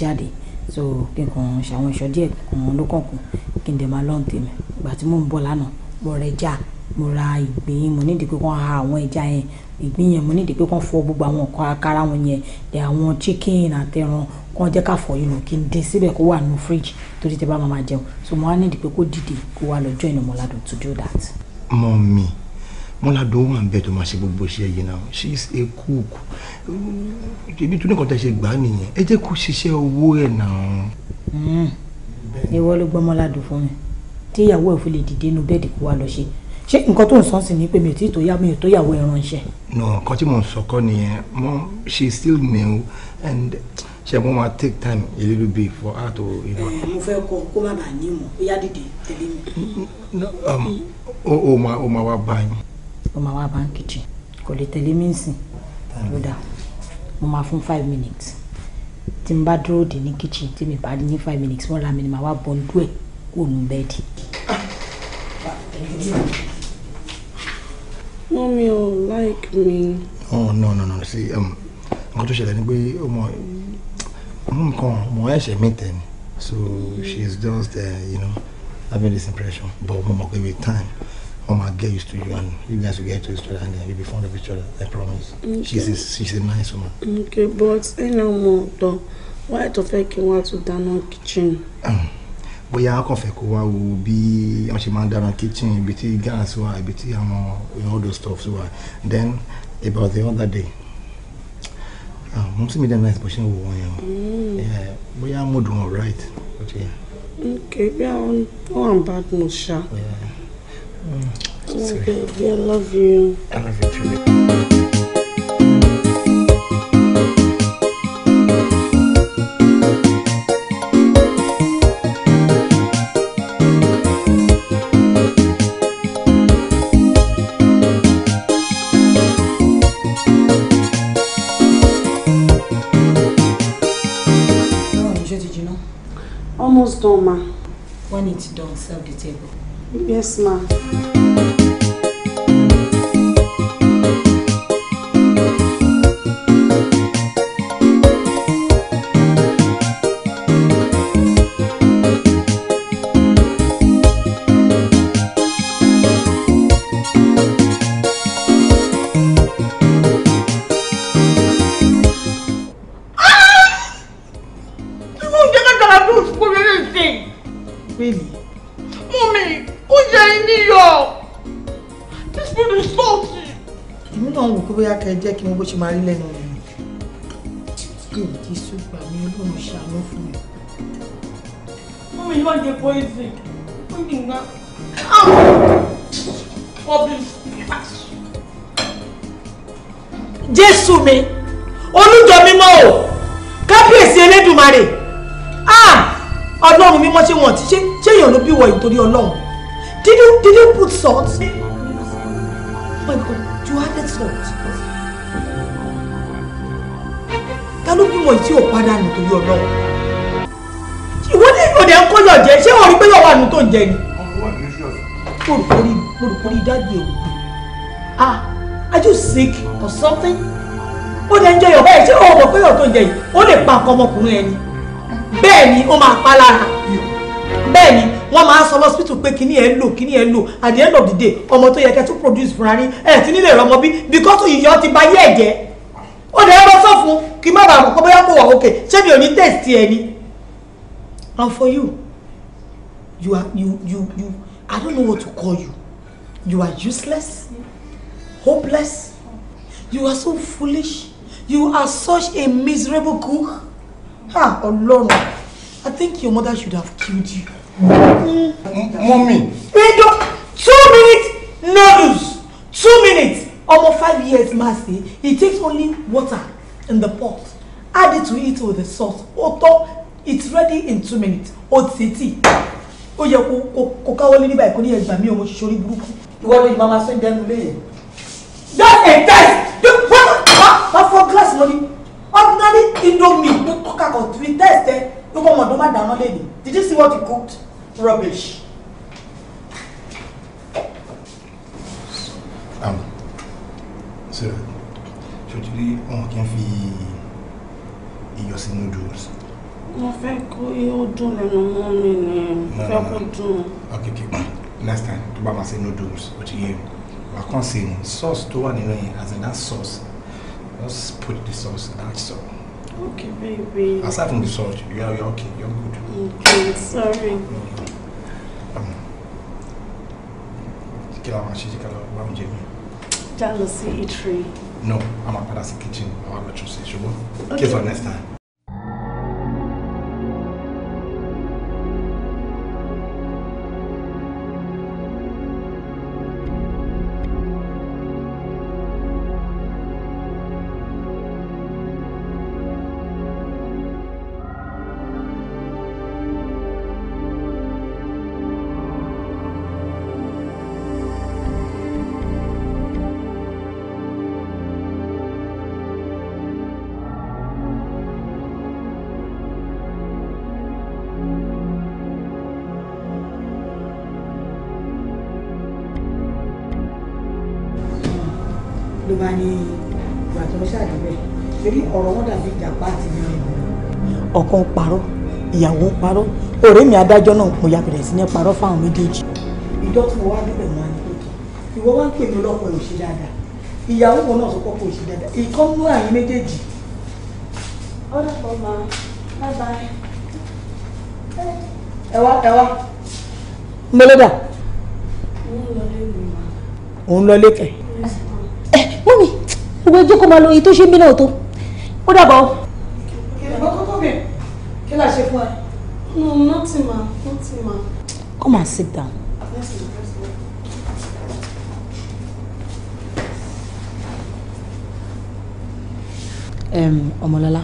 jáde so kí n kàn ṣàwọn ìṣọ́ díẹ̀ kàn lókànkùn kí n dẹ̀ máa lọ́n tèmi ìgbà tí mò ń bọ̀ lánàá mo rẹ já mo ra ìgbín mo nídìí pé kàn ha àwọn ẹja yẹn ìgbín yẹn mo nídìí pé kàn fọ gbogbo àwọn nǹkan àkàrà wọn yẹn àwọn chicken àtẹran kàn jẹ́ ká fọ inú kí n dín síbẹ̀ kó wà nínú fridge torí tẹ bá máa jẹun so mo á ní ìdí pé kó dìde kó wà lọ́jọ́ ìnà Mọ́ládùn to do that. Mummy Mọ́ládùn wà ń bẹ̀ tó máa ṣe gbogbo iṣẹ́ yìí náà she is a cook ibi tó ní kan tẹ ṣe gbà nìyẹn ẹ jẹ́ kó ṣiṣẹ́ owó ẹ̀ náà. Hmm. ìwọ ló gbọ́ Mọ́ládùn fún mi tí ìyàwó ẹ̀ fún lè dìde inú bẹ́ẹ̀dì kó wà lọ ṣe ṣé nǹkan tó ń sọ sí ni pé mi ò tí tó yá mi ò tó yàwó ẹ̀ nǹkan tí mò ń sọ nìyẹn mo she is still new and ṣe mo máa take time a little bit for her to. Eh, mo fẹ́ kọ kó má bàa ní mọ̀ ó yá dìde tẹ̀lé mi. Mm, um, o ma o ma wa bá yín. o ma wa bá ń kìjì kò lè tẹ̀lé mi nsìn ló dà mo máa fún five minutes tí n bá dúró dé ní kitchen tí mi bá ní five minutes wọ́n ra mi ni màá wá bọ́ ń dú ẹ̀ kó nu bẹ́ẹ̀dì. Mommy o like me. oh no no no see um, nǹkan tó ṣẹlẹ̀ ni pé ọmọ nǹkan mo ẹ̀ṣẹ̀ mi tẹ̀ ni so is just uh, you know having this impression but mo mọ̀ pé with time wọ́n máa get used to you and you guys will get used to each other and then you'll be fond of each other I promise okay. she's a she's a nice woman. okay but ẹnà ọmọ ọ̀dọ́ wáyé tó fẹ́ kí wọ́n á tún dáná kitchen. Hmm. bóyá a kàn fẹ́ kó wá wo bí wọ́n ṣe máa ń dáná kitchen ibi tí gas wà ibi tí àwọn all those stuff wà then about the other day Ah, mo sì mí dẹ́nu láti bó wo wọn yẹn o mo dùn all right. okay bí àwọn wà ń bá dùn ṣá. Mm. okay baby i love you. i love you too. done, ma. When it's done, serve the table. Yes, ma. mọ bó ṣe máa rí lẹ́nu rẹ̀ kí ṣùgbọ́n mi ọlọ́run ṣàánú fún mi. Mọ́mí má jẹ poison. Mọ́mí ná. Ah! Jésù mi, olùjọ mímọ́ o, kábíyèsí Elédùmarè, ah! ọlọ́run mímọ́ ṣé wọ́n ti ṣe ṣé èèyàn ló bí wọ ìtorí ọlọ́run. Did you did you put salt? my God, you added salt. ọmọ yìí tí ò pàdánù torí ọlọ́wọ́ ìwọ ní ìyọ̀dẹ ń kọ́ yọ̀jẹ ṣé wọ́n rí pé yọ̀wọ́ àánú tó ń jẹ ni. mo rò kórìí dájú èrò pé ah are you sick or something? ó dẹ̀ ń jẹ yọ̀bá ẹ̀ ṣé wọ́n mọ̀ pé yọ̀ tó ń jẹ yìí ó lè pa ọkọ ọmọkùnrin ẹni bẹ́ẹ̀ ni ó máa pa lára bẹ́ẹ̀ ni wọ́n máa sọ lọ́sítù pé kíní ẹ̀ lò kíní ẹ̀ lò at the end of the day ọmọ tó yẹ kẹ́ tó produce fúnra rí ẹ̀ tí nílẹ̀ rọmọ bí because ìyọ́ ti ba yé ẹ̀jẹ̀ ó dẹ̀ ẹ́ bá sọ fún kí má bàa mọ̀ pé bóyá kò wà òkè ṣé mi ò ní tẹ̀sí ẹ ni and for you you are you you you I don't know what to call you you are useless hopeless you are so foolish you are such a miserable cook ha Ọlọ́run I think your mother should have killed you. Mummy. Mommy. two minutes noodles two minutes Almost five years mercy. ṣe it takes only water in the pot add it to it with the salt ó it's ready in two minutes ó ti tì ó yẹ kó kó káwọ́ lé nígbà ẹ̀kọ́ ní ẹgbàá mi ò mo ṣe sórí burúkú. ìwọ ni màmá sọ ìdẹnu léyè. don't entice you what ma for glass money? ordinary indomie ló kọ́ka kan three test ẹ ló bọ́ ọmọdún má dáná lé ní did you see what he cooked rubbish. Um. Sarah ṣojú rí wọn kì í fi iyọ̀ sí noodles. mo fẹ́ kó e, ó dùn lẹ́nu mọ́ mi ni mo fẹ́ kó ah, dùn. ok ok next time tó bá máa ṣe noodles ó ti yẹ wà kàn sí ni sauce tó wà nínú yẹn as in that sauce just put the sauce that salt. ok baby. aside from the salt you are you okay you are good. okay sorry. Um, kí la máa ṣe kí la máa jẹ mi já lọ sí eatery. no I'm máa padà the kitchen àwọn àlọ́ tún see ṣùgbọ́n kí ẹ sọ next time. kò ṣáàjú bẹ́ẹ̀ torí ọ̀rọ̀ wọn dàbí ìjàpá àti ìrìn. ọkàn parọ́ ìyàwó parọ́ ọ̀rẹ́ mi adájọ́ náà mo ya bẹ̀rẹ̀ sí ní parọ́ fáwọn méjèèjì. ìjọ tí mo wá débẹ̀ wọn ni ìwọ wá ń pè mí lọ́pọ̀ òṣì dáadáa ìyàwó wọn náà sọ pé òṣì dáadáa ìkọ́nú àyín méjèèjì. ọ̀dọ̀ pọ̀ máa bá bá ẹ wá ẹ wá. mọ́lẹ́dà. òun lọ lé kẹ̀. ẹ mọ́mi gbogbo ojú kó máa lo iye tó ṣe mí náà tó ó dàbọ̀. ìbọn kókó bẹ̀ kí la ṣe fún ẹ. no nothing ma nothing ma. come and sit down. ọmọlọ́lá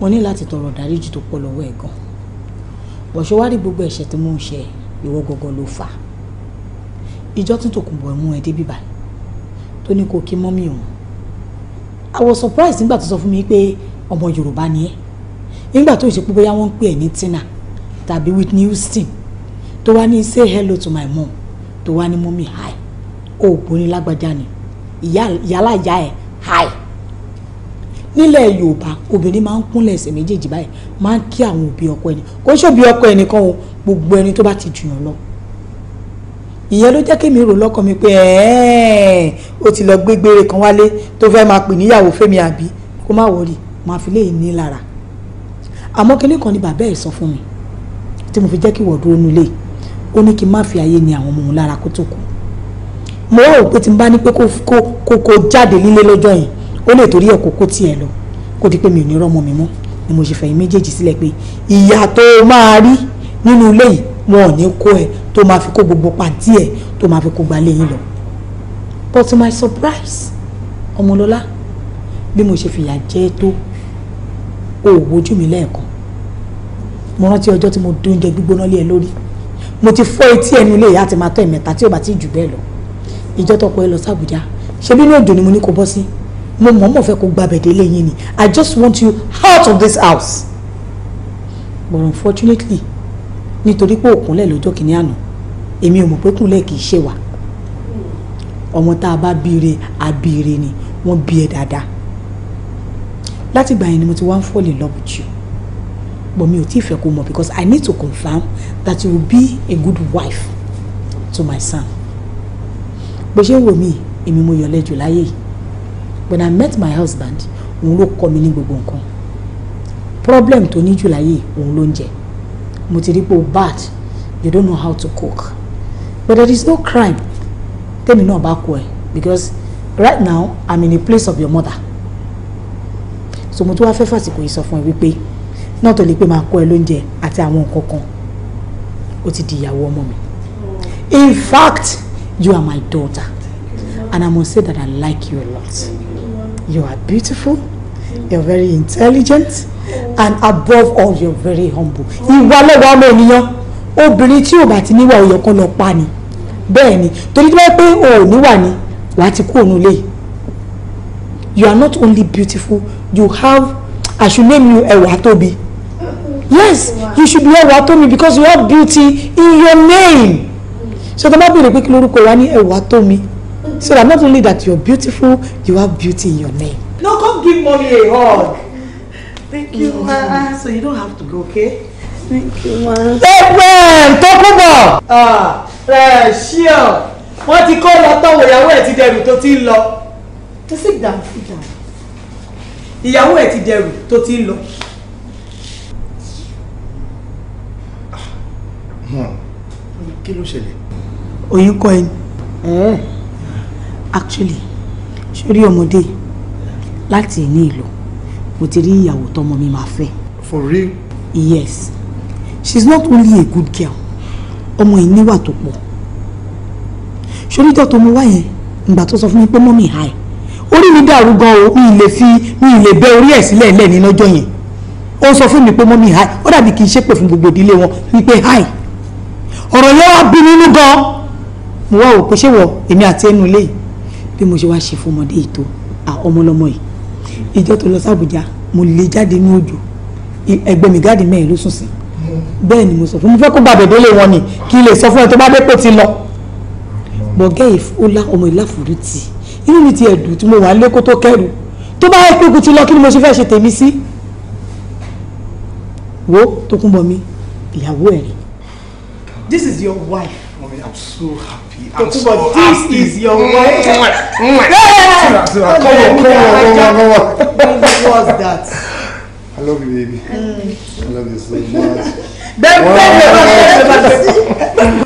mo ní láti tọrọ dáríjì tó pọ̀ lọ́wọ́ ẹ̀ gan bọ̀ṣọ́ wá rí gbogbo ẹ̀ṣẹ̀ tí mò ń ṣe ìwọ gọ́gọ́ ló fà ìjọ tí tòkùnbọ̀ mú ẹ débí báyìí tó ní kò kí mọ́mì òun i was surprised nígbà tó sọ fún mi pé ọmọ yorùbá ni ẹ nígbà tó ìṣe pé bóyá wọ́n ń pè ẹ́ ní tina tàbí Whitney Houston tó wá ní say hello to my mom tó wá ní mọ́mì hi òògùn ní lágbájá ni ìyálà ìyá hi nílẹ̀ yorùbá obìnrin máa ń kúnlẹ̀ ẹsẹ̀ méjèèjì báyìí máa ń kí àwọn òbí ọkọ ẹni kò ń ṣòbí ọkọ ẹnìkan o gbogbo ẹni tó bá ti jù yàn lọ ìyẹn ló jẹ́ kí mi rò lọ́kàn mi pé o ó ti lọ gbégbére kan wálé tó fẹ́ máa pè níyàwó fẹ́mi àbí kó má wọrí máa fi léyìn ní lára àmọ́ kinní kan ni bàbá ẹ̀ sọ fún mi tí mo fi jẹ́ kí wọ̀dú ó nulẹ̀ ó ní kí n má fi ayé ni àwọn ọmọ òun lára kó tó kù mo rò pé tí n bá ní pé kó jáde nílé lọ́jọ́ yẹn ó lè torí ẹ̀ kó kó tiẹ̀ lọ kó di pé mi ò ní rọ́mọ mi mọ́ ni mo ṣe fẹ̀yìn méjèèjì sílẹ̀ pé ìyà tó máa rí nínú ilé yìí wọn ò ní kó ẹ tó máa fi kó gbogbo pàǹtí ẹ tó máa fi kó gbalẹ̀ yìí lọ but to my surprise ọmọlọ́lá bí mo ṣe fìyà jẹ tó o ò wojú mi lẹ́ẹ̀kan mo rántí ọjọ́ tí mo dún oúnjẹ gbígbóná lé ẹ lórí mo ti fọ́ etí ẹnu ilé ìyá àti máa tọ́ tí ò bá ti jù bẹ́ẹ̀ lọ ìjọ tọpọ ẹ lọ sàbújá ṣe ní òjò ni mo ní kó bọ́ sí mo mọ̀ mọ̀ fẹ́ kó gba bẹ̀dẹ̀ lẹ́yìn ni i just want you out of this house but unfortunately nítorí pé òkúnlẹ̀ lọ́jọ́ kìíní àná èmi ò mọ̀ pé kúnlẹ̀ kìí ṣe wà ọmọ tá a bá bíire abíire ni wọ́n bí ẹ dáadáa láti gbà yẹn ni mo ti wá ń fall in love with you but mi ò tí ì fẹ́ kó mọ̀ because I need to confirm that you will be a good wife to my son bó ṣe ń wò mí èmi mo yọ̀ lẹ́jọ́ láyé yìí when I met my husband òun ló kọ́ mi ní gbogbo nǹkan problem tó ní jù láyé òun ló ń jẹ́ mo ti rí bad you don't know how to cook but there is no crime Tell me bá about ẹ because right now i'm in the place of your mother so mo tún wá fẹ́ fàsìkò yìí sọ fún ẹ wípé náà tó lè pé máa kọ́ ẹ lóúnjẹ àti àwọn nǹkan kan ó ti di ìyàwó ọmọ mi in fact you are my daughter and i must say that i like you a lot you are beautiful you are very intelligent and above all you are very humble. ìwà lọ́wọ́ ọmọ ènìyàn obìnrin tí ò bá ti níwà ó yẹ kó lọ pa ni bẹ́ẹ̀ ni torí tí wọ́n pé o ò níwà ni wàá ti kú òun lé you are not only beautiful you have I should name you ẹwà tóbi yes you should be ẹwà tóbi because you have beauty in your name so tó bá béèrè pé kí lórúkọ wa ní ẹwà tómi so that not only that you are beautiful you have beauty in your name. no come give mommy a hug. Thank you, mm. ma. Ah, so you don't have to go, okay? Thank you, ma. Ẹgbẹ́ Tókùnbọ̀. Ah, ẹ ṣí ọ, wọ́n ti kó lọ tọ́wọ̀ ìyàwó ẹ̀ ti dẹrù tó ti ń lọ. Just sit down, sit down. Ìyàwó ẹ̀ ti dẹrù tó ti ń lọ. Hmm. Kí ló ṣẹlẹ̀? Oyún kọ́ ẹni. Hmm. Actually, ṣé orí ọmọdé láti ìní ìlú? mo ti rí ìyàwó tọmọ mi máa fẹ́. for real. yes she is not only a good girl ọmọ yìí níwà tó pọ̀ ṣoníjọ́ tó mo wá yẹn ìgbà tó sọ fún mi pé mọ́ mi high orí mi dàrú gan o mi lè fi mi lè bẹ orí ẹ̀ sílẹ̀ lẹ̀ ní lọ́jọ́ yẹn ó sọ fún mi pé mọ́ mi high ó dàbí kì í ṣépè fún gbogbo ìdílé wọn wípé high ọ̀rọ̀ yẹn wá bí nínú gan mo wá wò pé ṣé wọ èmi àti ẹnu ilé yìí bí mo ṣe wá ṣe fún ọmọdé yìí tó ọmọlọmọ yìí ìjọ tó lọ sàbújá mo lè jáde ní òjò ẹgbẹ́ mi gáàdì mẹ́rin ló sùn sí bẹ́ẹ̀ ni mo sọ fún mo fẹ́ kó bàbá ìdólé wọn ni kí n lè sọ fún ẹ tó bá dé pé ti lọ. bọ̀gẹ́ ìfúnlá ọmọ ìláforítì inú mi ti ẹ̀dùn tí mo wà ń lékó tó kẹ́rù tó bá yẹ pé kò ti lọ kí ni mo ṣe fẹ́ ṣe tèmi sí. wo tó kún bọ̀ mi ìyàwó ẹ̀ rẹ̀. This is your wife. Mommy, I'm so happy. Tokubo, this is your mm, wife. Mm, mm. come on, come on, come on, come on. was that? I love you, baby. I love you so much. Wow.